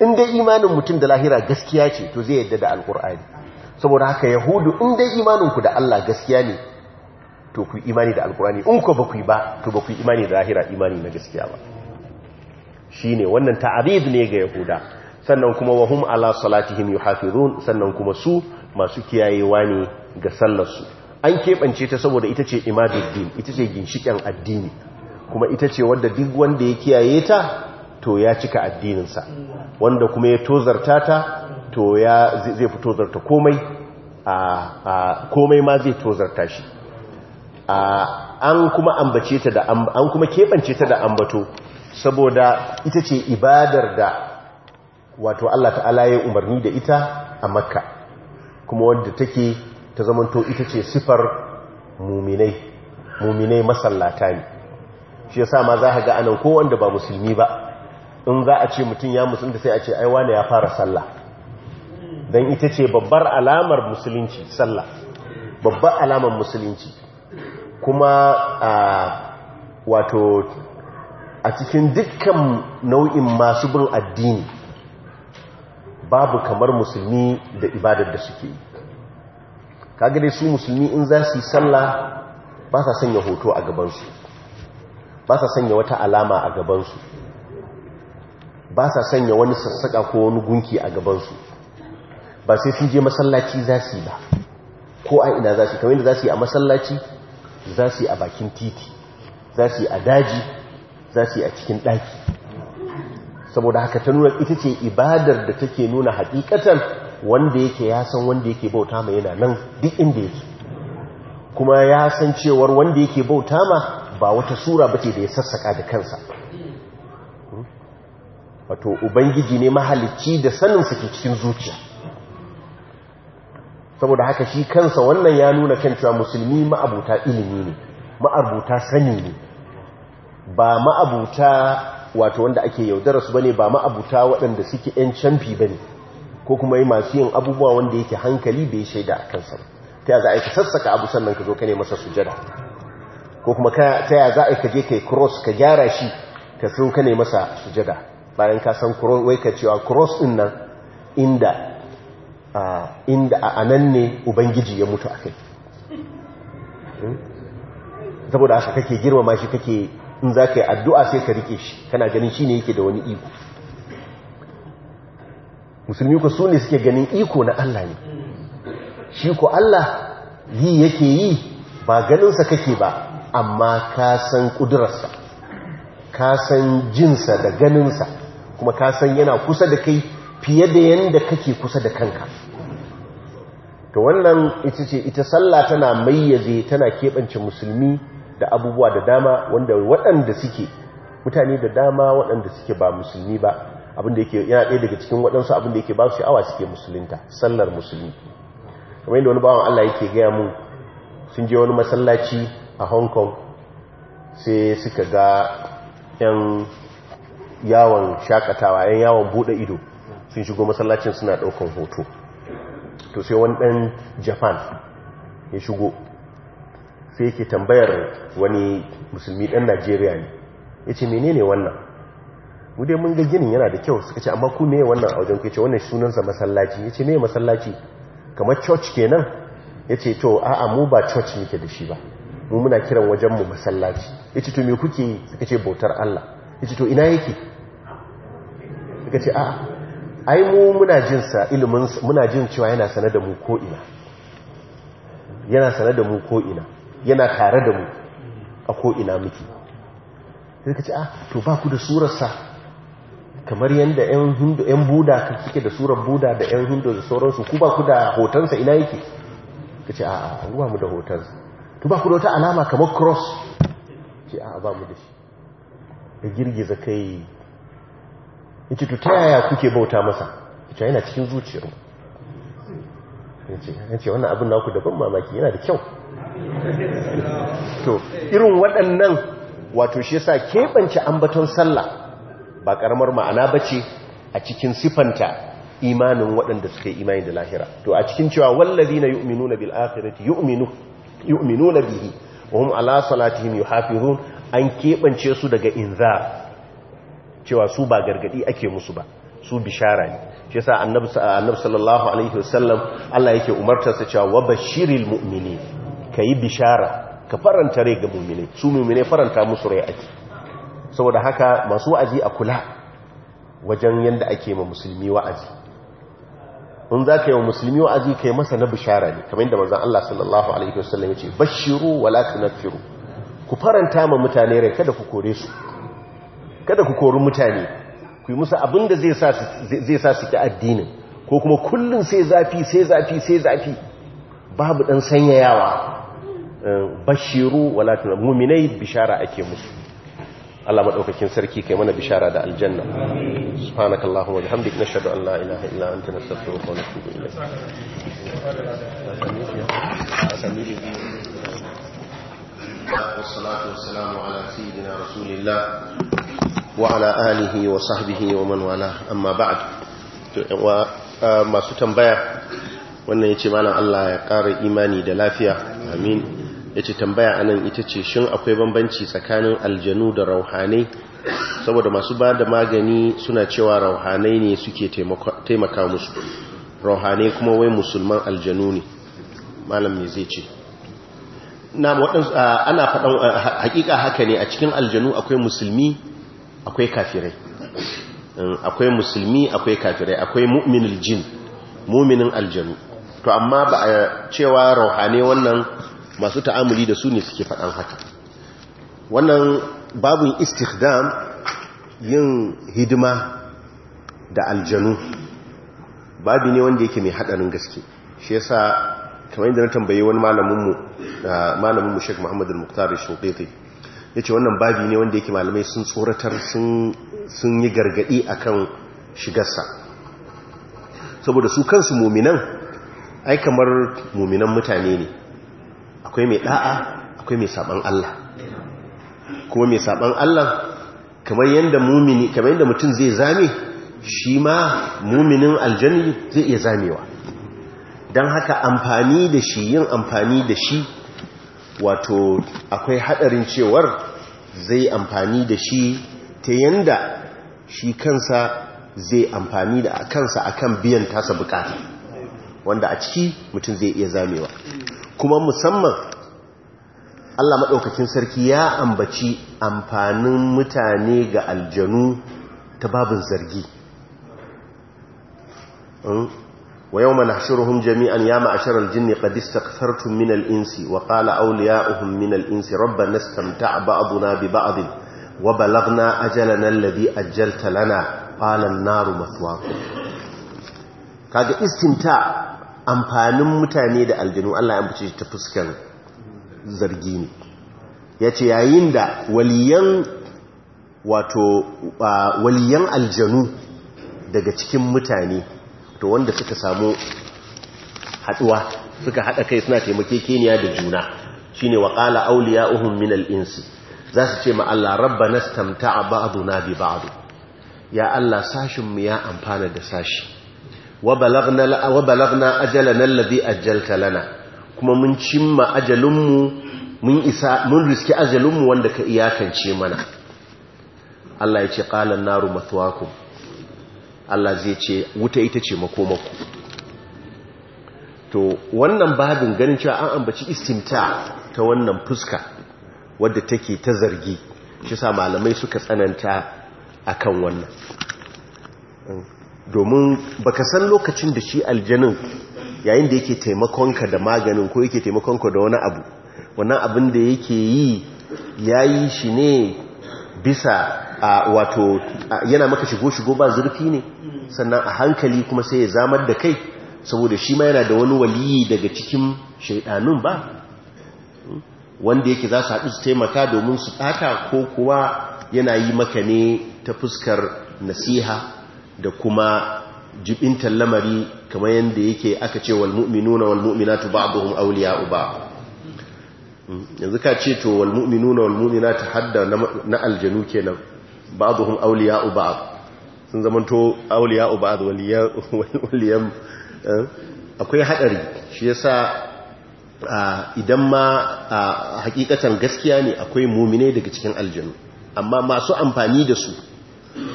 in dai imanin mutum da lahira gaskiya ce to zai yadda da alkur'ani saboda haka yahudu in dai imaninku da Allah gaskiya ne to ku imani da alkur'ani in ku ba ku ba to ba ku imani da lahira imani na gaskiya ba Shi ne wannan ta'arid ne ga yahuda sannan kuma wahum ala salatihim yuhafizun sannan kuma su masu kiyayewa ne ga sallarsu an keɓance ta saboda ita ce imaduddin ita ce ginshiƙen addini kuma ita ce wadda duk wanda ya kiyaye ta to ya cika addininsa wanda kuma ya tozarta ta to ya zai fi tozarta komai a komai ma zai tozarta shi an kuma ambace ta da an kuma keɓance ta da ambato saboda ita ce ibadar da wato Allah ta'ala ya umarni da ita a makka kuma wadda take ta zamanto ita ce sifar muminai muminai masallata ne shi yasa ma za ka ga anan kowanda ba musulmi ba in za a ce mutum ya musulunta sai a ce ai wane ya fara sallah don ita ce babbar alamar musulunci sallah babbar alamar musulunci kuma a wato a cikin dukkan nau'in masu bin addini babu kamar musulmi da ibadar da suke yi kagare su musulmi in za su yi sallah ba sa sanya hoto a gabansu ba sa sanya wata alama a gabansu ba sa sanya wani sassaƙa ko wani gunki a gabansu ba sai sun je masallaci za su yi ba ko a ina za su kamar yadda za su yi a masallaci za su yi a bakin titi za su yi a daji za su yi a cikin ɗaki saboda haka ta nuna ita ce ibadar da take nuna hakikatan wanda yake ya san wanda yake bauta ma yana nan duk inda yake kuma ya san cewar wanda yake bauta ma ba wata sura bace da ya sassaka da kansa wato ubangiji ne mahalicci da sanin ke cikin zuciya saboda haka shi kansa wannan ya nuna kan cewa musulmi ma'abuta ilimi ne ma'abuta sani ne ba ma'abuta wato wanda ake yaudara su bane ba ma'abuta waɗanda suke ‘yan canfi bane ko kuma yi masu yin abubuwa wanda yake hankali bai shaida a kansa ta yaza aiki sassaka abu sannan ka zo ka ne masa sujada ko kuma ta ya za a kaje kai cross ka gyara shi ka so ka ne masa sujada bayan ka san wai ka cewa cross din nan inda inda a anan ne ubangiji ya mutu akai hmm? saboda haka kake girmama shi kake in za ka yi addu'a sai ka rike shi kana ganin shi ne yake da wani iko musulmi ku su suke ganin iko na Allah ne shi ko Allah yi yake yi ba ganinsa kake ba amma ka san ƙudurarsa ka san jinsa da ganinsa kuma ka san yana kusa da kai fiye da yadda kake kusa da kanka to wannan ita ce ita sallah tana mayyaze tana keɓance musulmi da abubuwa da dama wanda waɗanda suke mutane da dama waɗanda suke ba musulmi ba abinda yake yana ɗaya daga cikin waɗansu abinda yake ba su sha'awa suke musulunta sallar musulmi kamar yadda wani bawan Allah yake gaya mu sun je wani masallaci a hong kong sai suka ga 'yan yawon shakatawa 'yan yawon bude ido sun shigo masallacin suna daukan hoto to sai wani dan japan ya shigo sai yake tambayar wani musulmi dan najeriya ne ya ce menene wannan mu mun ga ginin yana da kyau suka ce amma ku ne wannan a wajen kwace wannan sunansa masallaci ya ce me masallaci kamar church kenan ya ce to a'a mu ba church muke da shi ba mu muna kiran wajenmu masallaci yace to me kuke yi suka ce bautar Allah yace to ina yake suka ce a'a ai mu muna jin sa ilimin muna jin cewa yana sanar da mu ko ina yana sanar da mu ko ina yana tare da mu a ko ina muke suka ce a to ba ku da surarsa kamar yadda ‘yan buda kake da surar buda da ‘yan hindu da sauransu ku ba ku da hotonsa ina yake kace ce a ruwa mu da hotansa to ba ku da wata alama kamar cross ce a ba mu da shi da girgiza kai In ce to ta yaya kuke bauta masa ita yana cikin zuciyar mu ya ce wannan abin naku daban mamaki yana da kyau to irin waɗannan wato shi yasa keɓance ambaton sallah ba ƙaramar ma'ana ba ce a cikin sifanta imanin waɗanda suka yi imani da lahira to a cikin cewa wallazi na yi umminu na bil'afirati yu'minu yu'minuna bihi wa hum ala salatihim yuhafizun an keɓance su daga inza cewa su ba gargadi ake musu ba su bishara ne shi yasa annabi sallallahu alaihi wasallam Allah yake umartarsa cewa wa bashiril mu'minin kai bishara ka faranta rai ga mu'mini su mu'mini faranta musu rai ake saboda haka masu wa'azi a kula wajen yanda ake ma musulmi wa'azi in za ka yi wa musulmi wa'azi ka yi masa na bishara ne kamar yadda mazan Allah sallallahu alaihi wasallam ya ce bashiru wala firu. ku faranta ma mutane rai kada ku kore su kada ku kori mutane ku yi musu abin da zai sa su ki addinin ko kuma kullum sai zafi sai zafi sai zafi babu dan sanyayawa eh, bashiru wala tunaffiru muminai bishara ake musu Allah maɗaukakin sarki kai mana bishara da aljanna subhanakallahumma wa bihamdika nashhadu an la ilaha illa anta nastaghfiruka wa natubu ilayk والصلاة والسلام على سيدنا رسول الله وعلى آله وصحبه ومن والاه بعد masu tambaya wannan ya ce mana Allah ya ƙara imani da lafiya amin ya ce tambaya anan ita ce shin akwai bambanci tsakanin aljanu da rauhanai saboda masu ba da magani suna cewa rauhanai ne suke taimaka musu rauhanai kuma wai musulman aljanu ne malam ne zai ce na waɗansu ana faɗan hakika haka ne a cikin aljanu akwai musulmi akwai kafirai mm, akwai musulmi akwai kafirai akwai mu'minin jin muminin aljanu to amma ba a cewa rauhane wannan masu ta'amuli da su ne suke faɗan haka wannan babin istikdam yin hidima da aljanu babi ne wanda yake mai haɗarin gaske shi yasa kamar yadda na tambaye wani malaminmu ah, malaminmu Sheikh Muhammad muktar da al ya ce wannan babi ne wanda yake malamai sun tsoratar sun yi yi gargadi akan shigarsa saboda su kansu mu'minan ai kamar mu'minan mutane ne akwai mai da'a akwai mai saban Allah kuma mai saban Allah kamar yadda mumini kamar yanda mutum zai zame shi ma muminin aljanni zai iya zamewa dan haka amfani da shi yin amfani da shi wato akwai hadarin cewar zai amfani da shi ta yanda shi kansa zai amfani da kansa akan biyan tasa bukata wanda a ciki mutum zai iya zamewa kuma musamman Allah maɗaukacin sarki ya ambaci amfanin mutane ga aljanu ta babin zargi hmm? wa yau mana shiruhun jami'an ya ma'ashar aljinni ƙadista ƙasartun minal insi wa ƙala auliya uhun minal insi rabba na stamta a ba'aduna bi ba'adin wa balagna ajalanan ladi ajalta lana ƙalan naru masuwa kaga istinta amfanin mutane da aljanu Allah ya bace ta fuskan zargi ne ya ce yayin da waliyan wato waliyan aljanu daga cikin mutane to wanda suka samu haduwa suka hada kai suna taimakekeniya da juna shine waƙala qala awliya'uhum min al-insi zasu ce ma Allah rabbana istamta'a ba'duna bi ba'd ya Allah sashin mu ya amfana da sashi wa balagna labi alladhi ajjalta lana kuma mun cimma ajalinmu mun isa mun riski ajalinmu wanda ka iyakance mana Allah ya ce qalan naru mathwaakum Allah zai ce wuta ita ce makomaku to wannan babin ganin cewa an ambaci istimta ta wannan fuska wadda take ta zargi shi sa malamai suka tsananta akan wannan domin baka san lokacin da shi aljanin yayin da yake taimakonka da maganin ko yake taimakonka da wani abu wannan abin da yake yi yayi shi ne bisa a wato yana maka shigo-shigo ba zurfi ne sannan a hankali kuma sai ya zamar da kai saboda shi ma yana da wani waliyi daga cikin shaidanun ba wanda yake za su haɗu su taimaka domin su ɗata ko kuwa yana yi maka ne ta fuskar nasiha da kuma jibin lamari kamar yadda yake aka ce wal mu'minuna wal mu'minatu ba'dhum awliya'u ba'd mm. yanzu ka ce to wal mu'minuna wal mu'minatu hadda na aljanu kenan ba'dhum awliya'u ba'd sun zamanto awliya'u ba'd waliyan eh? akwai hadari shi yasa idan ma hakikatan gaskiya ne akwai mu'mine daga cikin aljanu amma masu amfani da su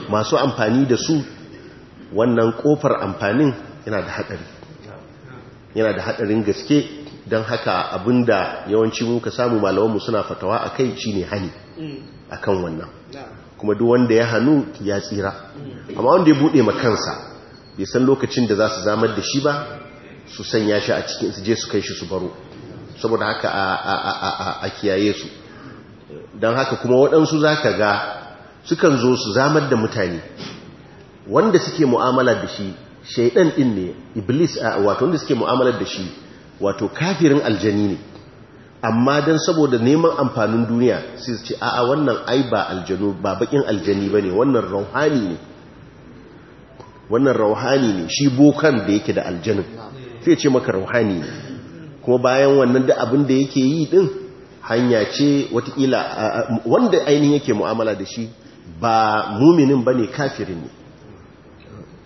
masu amfani da su wannan kofar amfanin yana da haɗari yana da haɗarin gaske don haka da yawanci muka samu malawanmu suna fatawa a kai shi ne hani a kan wannan kuma duk wanda ya hannu ya tsira amma wanda ya buɗe makansa bai san lokacin da za su zamar da shi ba su sanya shi a cikin su je su kai shi su baro saboda haka a kiyaye su don haka kuma waɗansu za ka ga sukan zo su zamar da mutane wanda suke mu'amala da shi shaidan din ne iblis wato wanda suke mu'amala da shi wato kafirin aljani ne amma dan saboda neman amfanin duniya sai su ce a'a wannan ai ba aljanu ba bakin aljani bane wannan rauhani ne wannan rauhani ne shi bokan da yake da aljanin sai ce maka rauhani ne kuma bayan wannan da abin da yake yi din hanya ce watakila wanda ainihin yake mu'amala da shi ba muminin bane kafirin ne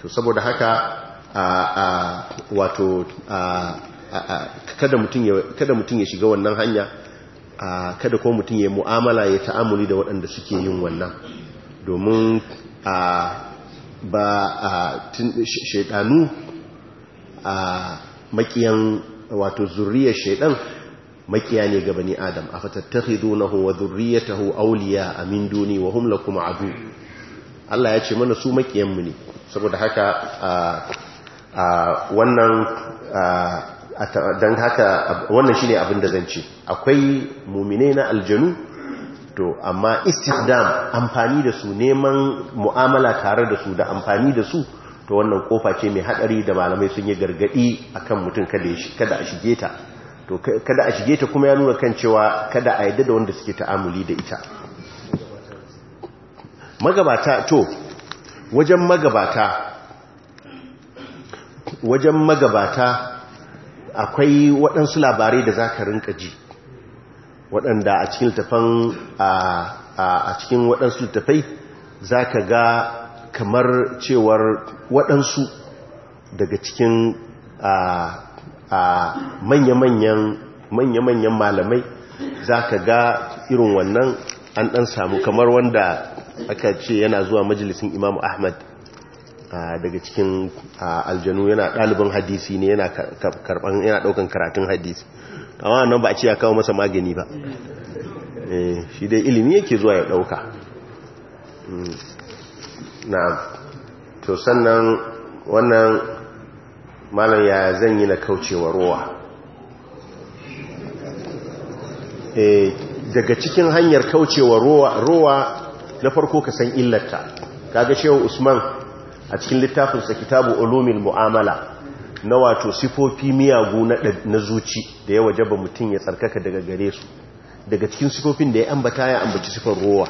to saboda haka wato kada mutum ya shiga wannan hanya kada ko mutum ya mu'amala ya ta'amuli da waɗanda suke yin wannan domin ba shaidanu a makiyan wato zurriyar shaidan makiya ne gaba ni adam a fatattafi fatattakhidunahu wa ta hu auliya a min duni wa kuma lakum adu Allah ya ce mana su makiyan mu ne saboda haka wannan don haka wannan shine abin da zan ci akwai mumine na aljanu to amma istikdam amfani da su neman mu'amala tare da su da amfani da su to wannan kofa ce mai hadari da malamai sun yi gargadi akan mutum kada a shige ta to kada a shige ta kuma ya nuna kan cewa kada a yadda da wanda suke ta'amuli da ita magabata to wajen magabata wajen magabata akwai waɗansu labarai da za ka rinka ji waɗanda a cikin tafan a cikin waɗansu tafai za ka ga kamar cewar waɗansu daga cikin manya-manyan malamai za ka ga irin wannan an ɗan samu kamar wanda aka ce yana zuwa majalisin imamu ahmad daga cikin aljanu yana ɗaliban hadisi ne yana ɗaukan karatun hadisi amma nan ba a ce ya kawo masa magani ba eh, shi dai ilimi yake zuwa ya ɗauka hmm. na'am to sannan wannan malam ya zan yi na kaucewa ruwa. Eh, daga cikin hanyar kaucewa ruwa. na farko ka san illarta kaga shehu usman a cikin littafin sa kitabu ulumil mu'amala na wato sifofi miyagu na zuci da ya wajaba mutum ya tsarkaka daga gare su daga cikin sifofin da ya ambata ya ambaci sifar rowa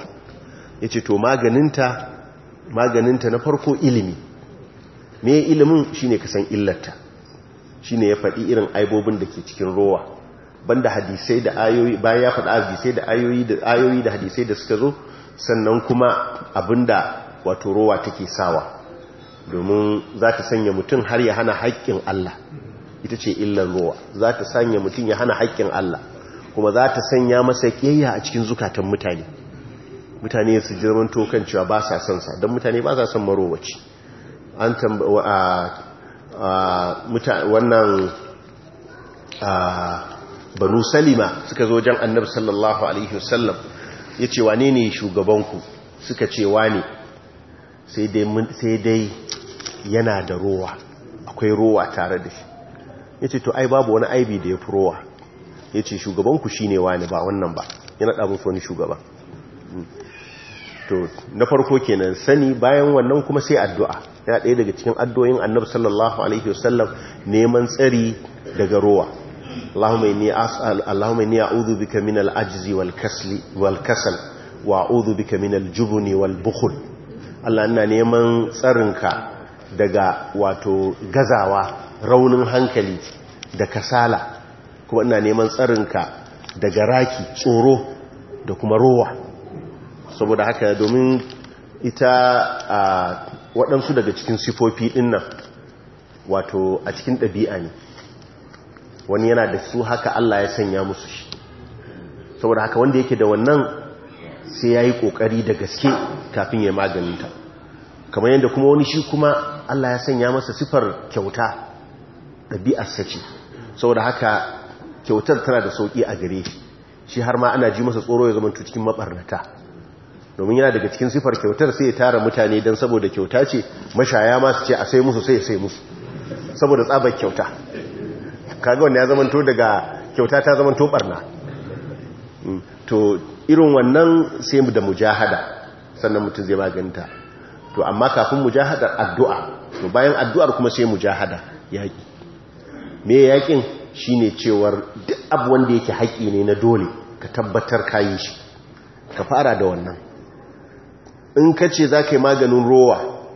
ya ce to maganinta maganinta na farko ilimi me ilimin shine ka san illarta shine ya faɗi irin aibobin da ke cikin rowa banda hadisai da ayoyi bayan ya faɗa hadisai da da ayoyi da hadisai da suka zo sannan kuma abinda wato rowa take sawa domin za ta sanya mutum har ya hana haƙƙin Allah ita ce illar rowa za ta sanya mutum ya hana haƙƙin Allah kuma za ta sanya masa ƙiyayya a cikin zukatan mutane mutane su jirman tokan cewa ba sa son sa don mutane ba sa son marowaci an wannan banu salima suka zo jan annabi sallallahu alaihi wasallam ya ce wane ne shugabanku suka ce wane sai dai yana da rowa akwai rowa tare da shi ya ce to ai babu wani aibi da ya fi rowa ya ce shugabanku shi ne wane ba wannan ba yana ɗabin wani shugaba hmm. to na farko kenan sani bayan wannan kuma sai addu'a ya ɗaya daga cikin addu'o'in annabi sallallahu alaihi wasallam neman tsari daga rowa اللهم إني, أسأل اللهم إني أعوذ بك من العجز والكسل, والكسل وأعوذ بك ina neman tsarinka daga wato gazawa raunin hankali da kasala kuma ina neman tsarinka daga raki tsoro da kuma rowa saboda haka domin ita a waɗansu daga cikin sifofi ɗin nan wato a cikin ɗabi'a ne wani yana da su haka Allah ya sanya musu shi saboda haka wanda yake da wannan sai ya yi ƙoƙari da gaske kafin ya maganinta kamar yadda kuma wani shi kuma Allah ya sanya masa sifar kyauta ɗabi'arsa ce saboda haka kyautar tana da sauƙi a gare shi shi har ma ana ji masa tsoro ya zamanta cikin maɓarnata domin yana daga cikin sifar kyautar sai ya tara mutane don saboda kyauta ce mashaya masu ce a sai musu sai ya sai musu saboda tsabar kyauta kaga wanda ya zamanto daga kyauta ta zamanto barna mm. to irin wannan sai mu da mujahada sannan mutum zai maganta to amma kafin mujahadar addu'a to bayan addu'ar kuma sai mujahada yaƙi me yaƙin shine cewar duk abu wanda yake haƙi ne na dole ka tabbatar kayi shi ka fara da wannan in ka ce za ka yi maganin rowa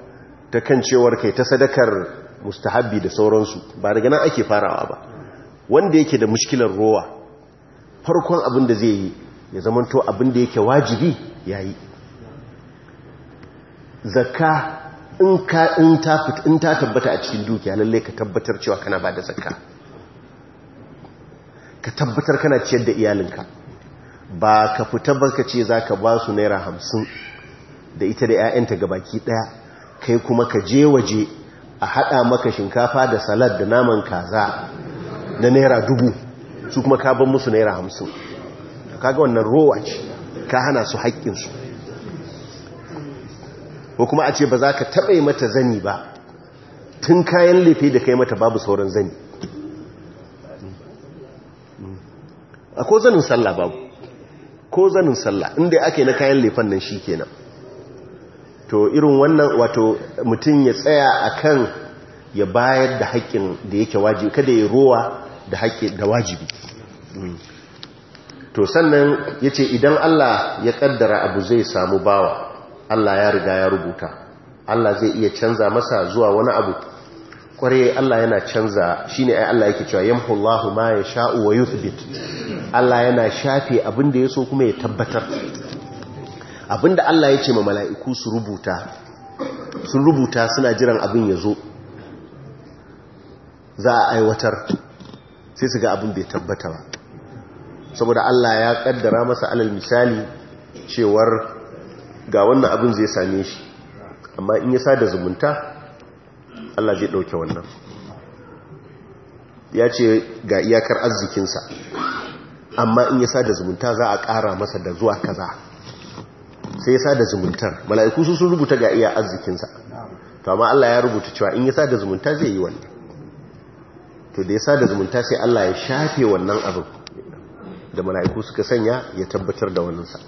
ta kan cewar kai ta sadakar mustahabbi da sauransu ba daga nan ake farawa ba wanda yake da mushkilar rowa farkon abin da zai yi ya zamanto abin da yake wajibi ya yi zakka in ta tabbata a cikin dukiya lallai ka tabbatar cewa kana ba da zakka ka tabbatar kana ciyar da iyalinka ba ka fita ba ka ce zaka ka ba su naira hamsin da ita da 'ya'yanta ga baki daya kai kuma ka je waje a haɗa maka shinkafa da salad da naman kaza da naira dubu su kuma ka ban musu naira hamsin kaga wannan rowa ce ka hana su haƙƙinsu ko kuma a ce ba za ka taɓa mata zani ba tun kayan lefe da kai mata babu sauran zani a ko zanin sallah babu ko zanin sallah inda ake na kayan lefen nan shi kenan to irin wannan wato mutum ya tsaya akan ya bayar da haƙƙin da yake wajibi kada ya rowa da haƙƙi da wajibi mm. to sannan yace idan Allah ya ƙaddara abu zai samu bawa Allah ya riga ya rubuta Allah zai iya canza masa zuwa wani abu kware Allah yana canza shine ai Allah yake cewa yamhullahu ma yasha'u wa yuthbit Allah yana shafe abin da ya so kuma ya tabbatar abinda Allah ya ce ma mala'iku su rubuta sun rubuta suna jiran abin ya zo za a aiwatar sai su ga abin bai tabbata ba saboda Allah ya kaddara masa alal misali cewar ga wannan abin zai same shi amma in ya sada zumunta Allah zai ɗauke wannan ya ce ga iyakar arzikinsa amma in ya sada zumunta za a ƙara masa da zuwa kaza sai ya sada zumuntar mala'iku su sun rubuta ga iya arzikinsa to amma Allah ya rubuta cewa in ya sada zumunta zai yi wannan to da ya sada zumunta sai Allah ya shafe wannan abin da mala'iku suka sanya ya tabbatar da wannan sa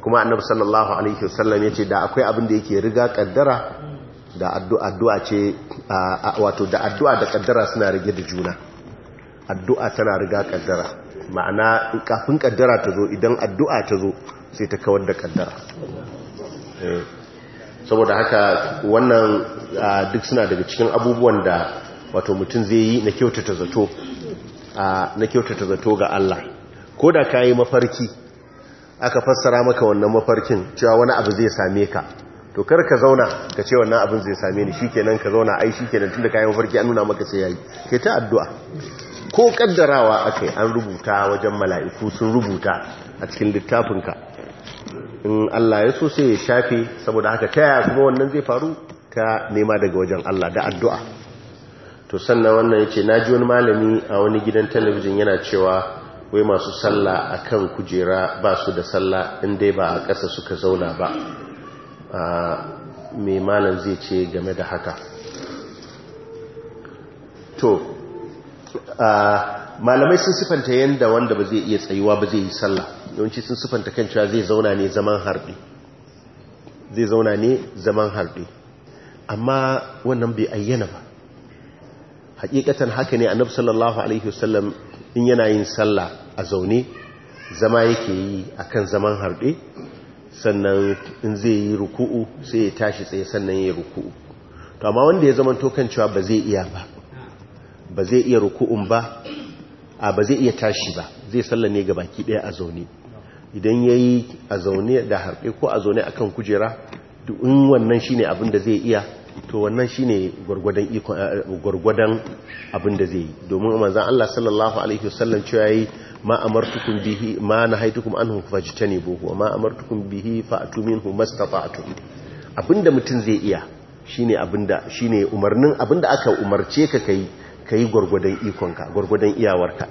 kuma annabi sallallahu alaihi wasallam yace da akwai abin da yake riga kaddara da addu'a ce wato da addu'a da kaddara suna rige da juna addu'a tana riga kaddara ma'ana kafin kaddara ta zo idan addu'a ta zo sai ta kawar da kaddara eh, saboda haka wannan duk suna daga cikin abubuwan da wato mutum zai yi na kyautata zato na kyautata zato ga Allah ko da kayi mafarki aka fassara maka wannan mafarkin cewa wani abu zai same ka to kar ka zauna ka ce wannan abin zai same ni shikenan ka zauna ai shikenan tunda kayan mafarki an nuna maka sai yayi kai ta addu'a ko kaddarawa akai an rubuta wajen mala'iku sun rubuta a cikin littafin ka. in Allah ya so sai ya shafi saboda haka ta yaya kuma wannan zai faru ta nema daga wajen Allah da addu'a to sannan wannan yace ji wani malami a wani gidan talabijin yana cewa wai masu sallah akan kujera ba su da sallah in dai ba a ƙasa suka zauna ba Mai malam zai ce game da haka to a malamai sun sifanta yanda wanda ba zai iya tsayuwa ba zai yi sallah yawanci sun sifanta kan cewa zai zauna ne zaman harbi zai zauna ne zaman harbi amma wannan bai ayyana ba hakikatan haka ne annabi sallallahu alaihi wasallam in yana yin sallah a zaune zama yake yi akan zaman harbe sannan in zai yi ruku'u sai ya tashi tsaye sannan ya ruku'u to amma wanda ya zama to kan cewa ba zai iya ba ba zai iya ruku'un ba a ba zai iya tashi ba zai ne ga baki daya a zaune idan ya yi a zaune da harbe ko a zaune akan kujera in wannan shine abin da zai iya to wannan shine gwargwadon gwargwadon abin da zai yi domin manzon Allah sallallahu alaihi wasallam cewa yayi ma amartukum bihi ma nahaytukum anhu fajtanibu wa ma amartukum bihi fa'tu minhu mastata'tum abinda mutum zai iya shine abinda shine umarnin abinda aka umarce ka kai ka yi gwargwadon ikonka gwargwadon iyawarka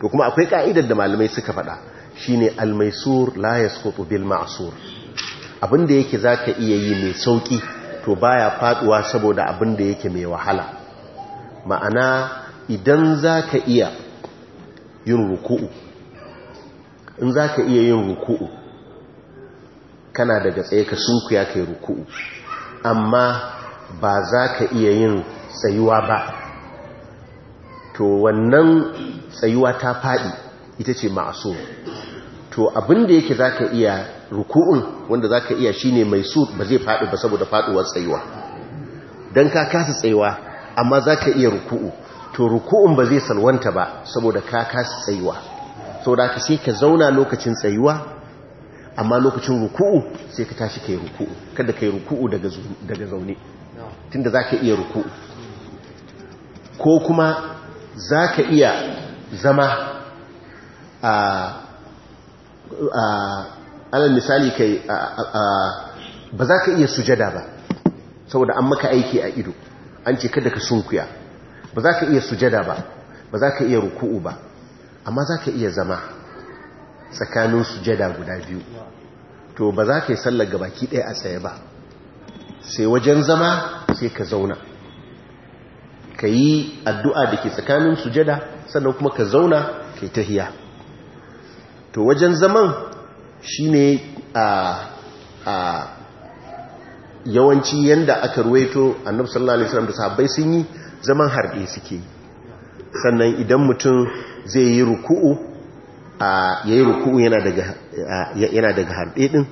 to kuma akwai ka'idar da malamai suka faɗa shine almaisur la yasqutu bil ma'sur abinda da yake zaka iya yi mai sauki to baya faduwa saboda abinda da yake mai wahala ma'ana idan zaka iya yin ruku'u in zaka iya yin ruku'u kana daga tsaye ka sunkuya kai ruku'u amma ba za ka iya yin tsayuwa ba to wannan tsayuwa ta faɗi ita ce ma'aso to abinda yake za ka iya ruku'un wanda za ka iya shine mai su ba zai faɗi ba saboda faɗuwar tsayuwa don ka kasa tsayuwa amma za ka iya ruku'u to ruku'un ba zai salwanta ba saboda ka kasa tsayuwa da ka sai ka zauna lokacin tsayuwa amma lokacin ruku'u sai ka tashi kai ruku'u kada kai ruku'u daga daga zaune tunda ka iya ruku'u ko kuma za ka iya zama a alal misali kai ba za ka iya sujada ba saboda an maka aiki a ido an ce kada ka sunkuya ba za ka iya sujada ba ba za ka iya ruku'u ba amma za ka iya zama tsakanin sujada guda biyu to ba za ka yi sallar gabaki ɗaya a tsaye ba sai wajen zama sai ka zauna ka yi addu'a da ke tsakanin sujada sannan kuma ka zauna ka yi tahiya to wajen zaman shi ne a yawanci yanda aka ruwaito annabi sallallahu alaihi wasallam da sahabbai sun yi zaman harɗe suke sannan idan mutum zai yi ruku'u a yayi ruku'u yana daga yana daga harbe din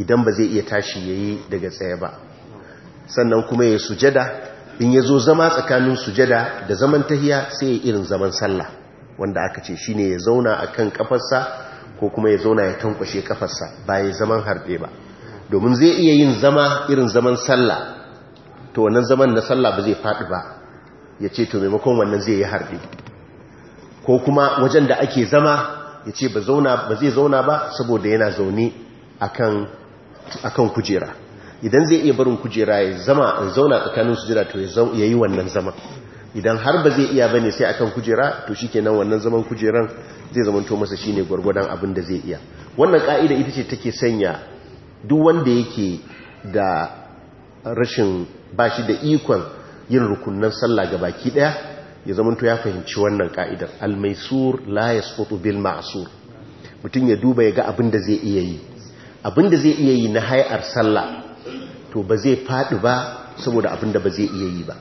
idan ba zai iya tashi yayi daga tsaye ba sannan kuma ya sujada in ya zo zama tsakanin sujada da zaman tahiya sai ya irin zaman sallah wanda aka ce shine ya zauna akan kafarsa ko kuma ya zauna ya tankwashe kafarsa ba ya zaman harbe ba domin zai iya yin zama irin zaman sallah to wannan zaman na sallah ba zai faɗi ba ya ce to maimakon wannan zai yi harbe ko kuma wajen da ake zama ya ce ba zai zauna ba saboda yana zaune akan kujera idan zai iya barin kujera ya zama in zauna tsakanin sujada to ya yi wannan zama idan har ba zai iya bane sai akan kujera to shi shikenan wannan zaman kujeran zai zamanto masa shine gwargwadon abin da zai iya wannan ka'ida ita ce take sanya duk wanda yake da rashin bashi da ikon yin rukunnan sallah ga baki daya ya zamanto ya fahimci wannan ka'idar al-maisur la yasqutu bil ma'sur mutun ya duba ya ga abin da zai iya yi abin da zai iya yi na hayar sallah to ba zai faɗi ba saboda abin da ba zai iya yi ba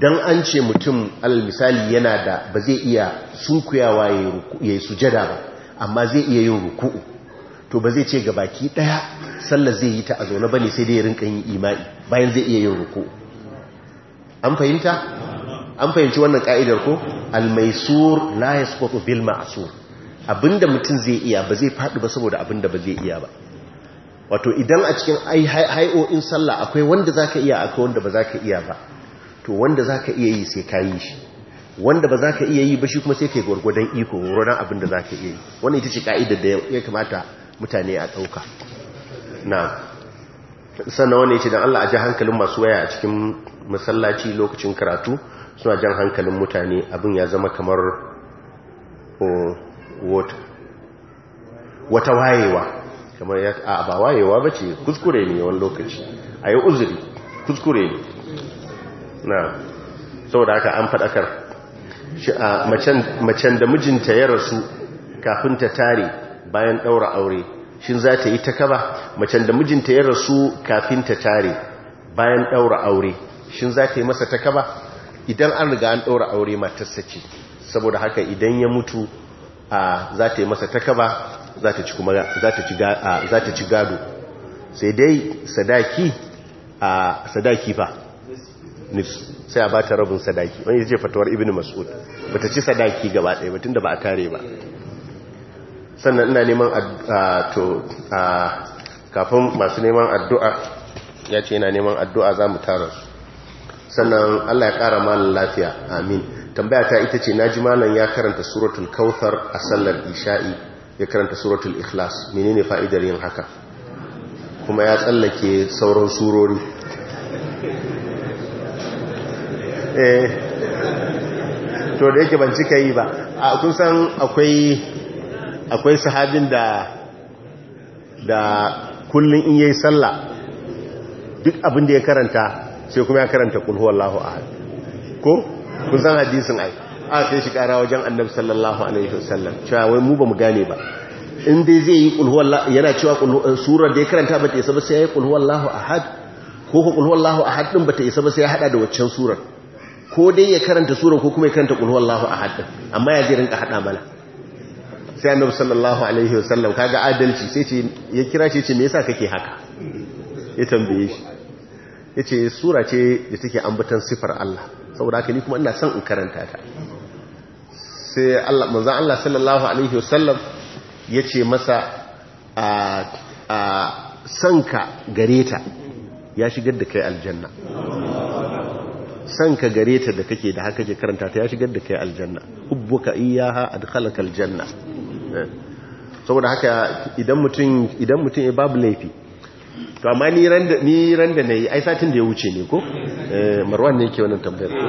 don an ce mutum alal misali yana da ba zai iya sunkuyawa ya yi sujada ba amma zai iya yin ruku'u to ba zai ce ga baki ɗaya sallar zai yi ta a zaune ba ne sai dai ya rinka yin imai bayan zai iya yin ruku'u an fahimta an fahimci wannan ka'idar ko almaisur la yasqutu bil abinda mutum zai iya ba zai faɗi ba saboda abinda ba zai iya ba wato idan a cikin in sallah akwai wanda zaka iya akwai wanda ba zaka iya ba to wanda zaka iya yi sai kayi shi wanda ba zaka iya yi ba shi kuma sai kai gwargwadon iko gwargwadon abin da zaka iya yi wannan ita ce kaida da ya kamata mutane a ɗauka na sannan wani ce don Allah a ji hankalin masu waya a cikin masallaci lokacin karatu suna jan hankalin mutane abin ya zama kamar oh, wata wayewa kamar ya a ba wayewa ba ce kuskure ne wani lokaci a yi uzuri kuskure ne na saboda haka an faɗakar macen da mijinta ya rasu kafin ta tare bayan ɗaura aure shin za ta yi ta kaba macen da mijinta ya rasu kafin ta tare bayan ɗaura aure shin za ta yi masa ta kaba idan an riga an ɗaura aure matarsa ce saboda haka idan ya mutu a za ta yi masa ta kaba? za ta ci gado sai dai sadaki a sadaki fa sai a ba ta rabin sadaki wani ce fatawar ibn mas'ud ba ta ci sadaki gaba ɗaya batun da ba a tare ba sannan ina neman to kafin masu neman addu'a ya ce yana neman addu'a za mu tara su sannan Allah ya ƙara malin lafiya amin tambaya ta ita ce na ji malin ya karanta suratul kautar a sallar isha'i ya karanta suratul ikhlas menene fa'idar yin haka kuma ya tsallake sauran surori eh to da yake ban cika yi ba a kun san akwai akwai sahabin da da kullun in yayi sallah duk abin da ya karanta sai kuma ya karanta kul huwallahu ahad ko kun san hadisin ai a kai shi kara wajen annabi sallallahu alaihi wasallam cewa wai mu ba mu gane ba in dai zai yi huwallahu yana cewa surar da ya karanta ba ta isa ba sai ya yi huwallahu ahad ko ko huwallahu ahad din ba ta isa ba sai ya hada da waccan surar ko dai ya karanta surar ko kuma ya karanta huwallahu ahad din amma ya je rinka hada mana sai annabi sallallahu alaihi wasallam kaga adalci sai ce ya kira shi ce me yasa kake haka ya tambaye shi yace sura ce da take ambatan sifar Allah saboda haka ni kuma ina son in karanta ta sai Allah manzon Allah sallallahu alaihi wasallam yace masa a a sanka gareta ya shigar da kai aljanna sanka gareta da kake da haka ke karanta ta ya shigar da kai aljanna hubbuka iyyaha adkhalaka aljanna eh. saboda haka idan mutum idan mutum ya babu laifi to amma ni ran da ni ran da nayi ai satin da ya wuce ne ko eh, marwan ne yake wannan tambayar ko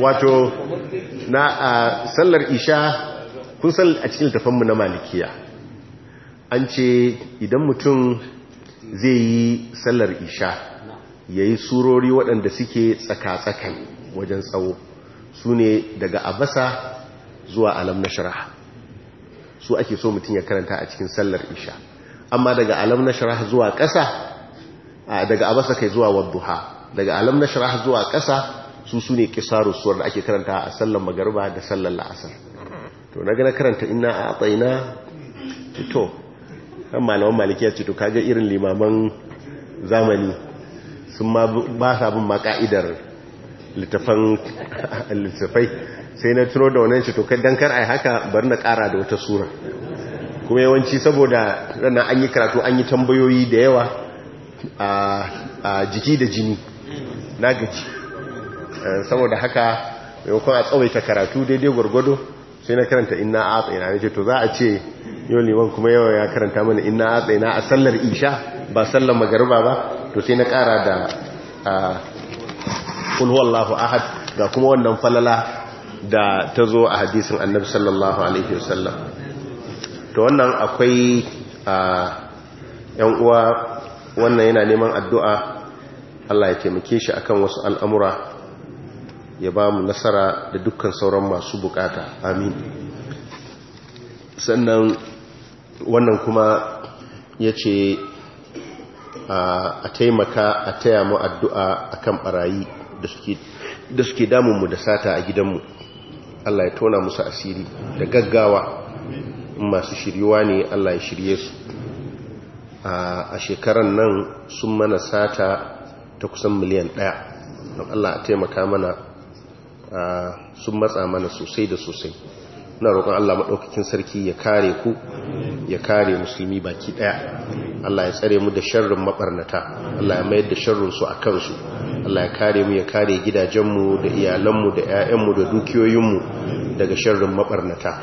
wato na a sallar isha kun san a cikin tafanmu na malikiya an ce idan mutum zai yi sallar isha ya yi surori waɗanda suke tsaka-tsakan wajen tsawo su ne daga abasa zuwa alam na shara su ake so mutum ya karanta a cikin sallar isha amma daga alam na shara zuwa ƙasa daga abasa kai zuwa wadduha daga alam na shara zuwa ƙasa su su ne kisaru suwar da ake karanta a sallan magarba da sallan la'asar to na gana karanta ina a tsayina to kan malaman ya ce to kaga irin limaman zamani sun ba sa bin ma ka'idar littafai sai na tuno da wannan kai to kai a ai haka bar na kara da wata sura kuma yawanci saboda ranar an yi karatu an yi tambayoyi da yawa a jiki da jini na gaji Eh, saboda haka kuma a tsawaita karatu daidai gwargwado sai na karanta inna a tsaina ya ce to za a ce yau liman kuma yawa ya karanta mana inna a tsaina a sallar isha ba sallar magariba ba to sai na kara da kulhuwallahu ahad ga kuma wannan falala da ta zo a hadisin annabi sallallahu alaihi wasallam to wannan akwai yan uwa wannan yana neman addu'a Allah ya taimake shi akan wasu al'amura ya ba mu nasara da dukkan sauran masu bukata amin sannan wannan kuma ya ce a taimaka a taya mu addu'a a kan barayi da suke damunmu da sata a gidanmu Allah ya tona musu asiri da gaggawa masu shiryuwa ne Allah ya shirye su a shekaran nan sun mana sata ta kusan miliyan ɗaya don Allah a taimaka mana sun matsa mana sosai da sosai na roƙon Allah maɗaukakin sarki ya kare ku ya kare musulmi baki ɗaya Allah ya tsare mu da sharrin maɓarnata Allah ya mayar da sharrinsu a kansu Allah ya kare mu ya kare gidajenmu da iyalanmu da 'ya'yanmu da dukiyoyinmu daga sharrin maɓarnata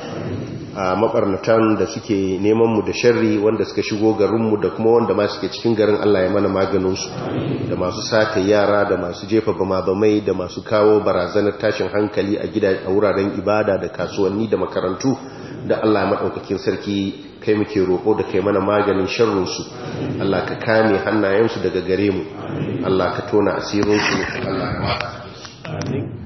a maɓarnatan da suke neman mu da sharri wanda suka shigo garin mu da kuma wanda ma suke cikin garin Allah ya mana maganin su da masu sata yara da masu jefa bama-bamai da masu kawo barazanar tashin hankali a gida a wuraren ibada da kasuwanni da makarantu da Allah maɗaukakin sarki kai muke roƙo da kai mana maganin su Allah ka kame hannayensu daga gare mu Allah ka tona asirin su Allah ya Amin.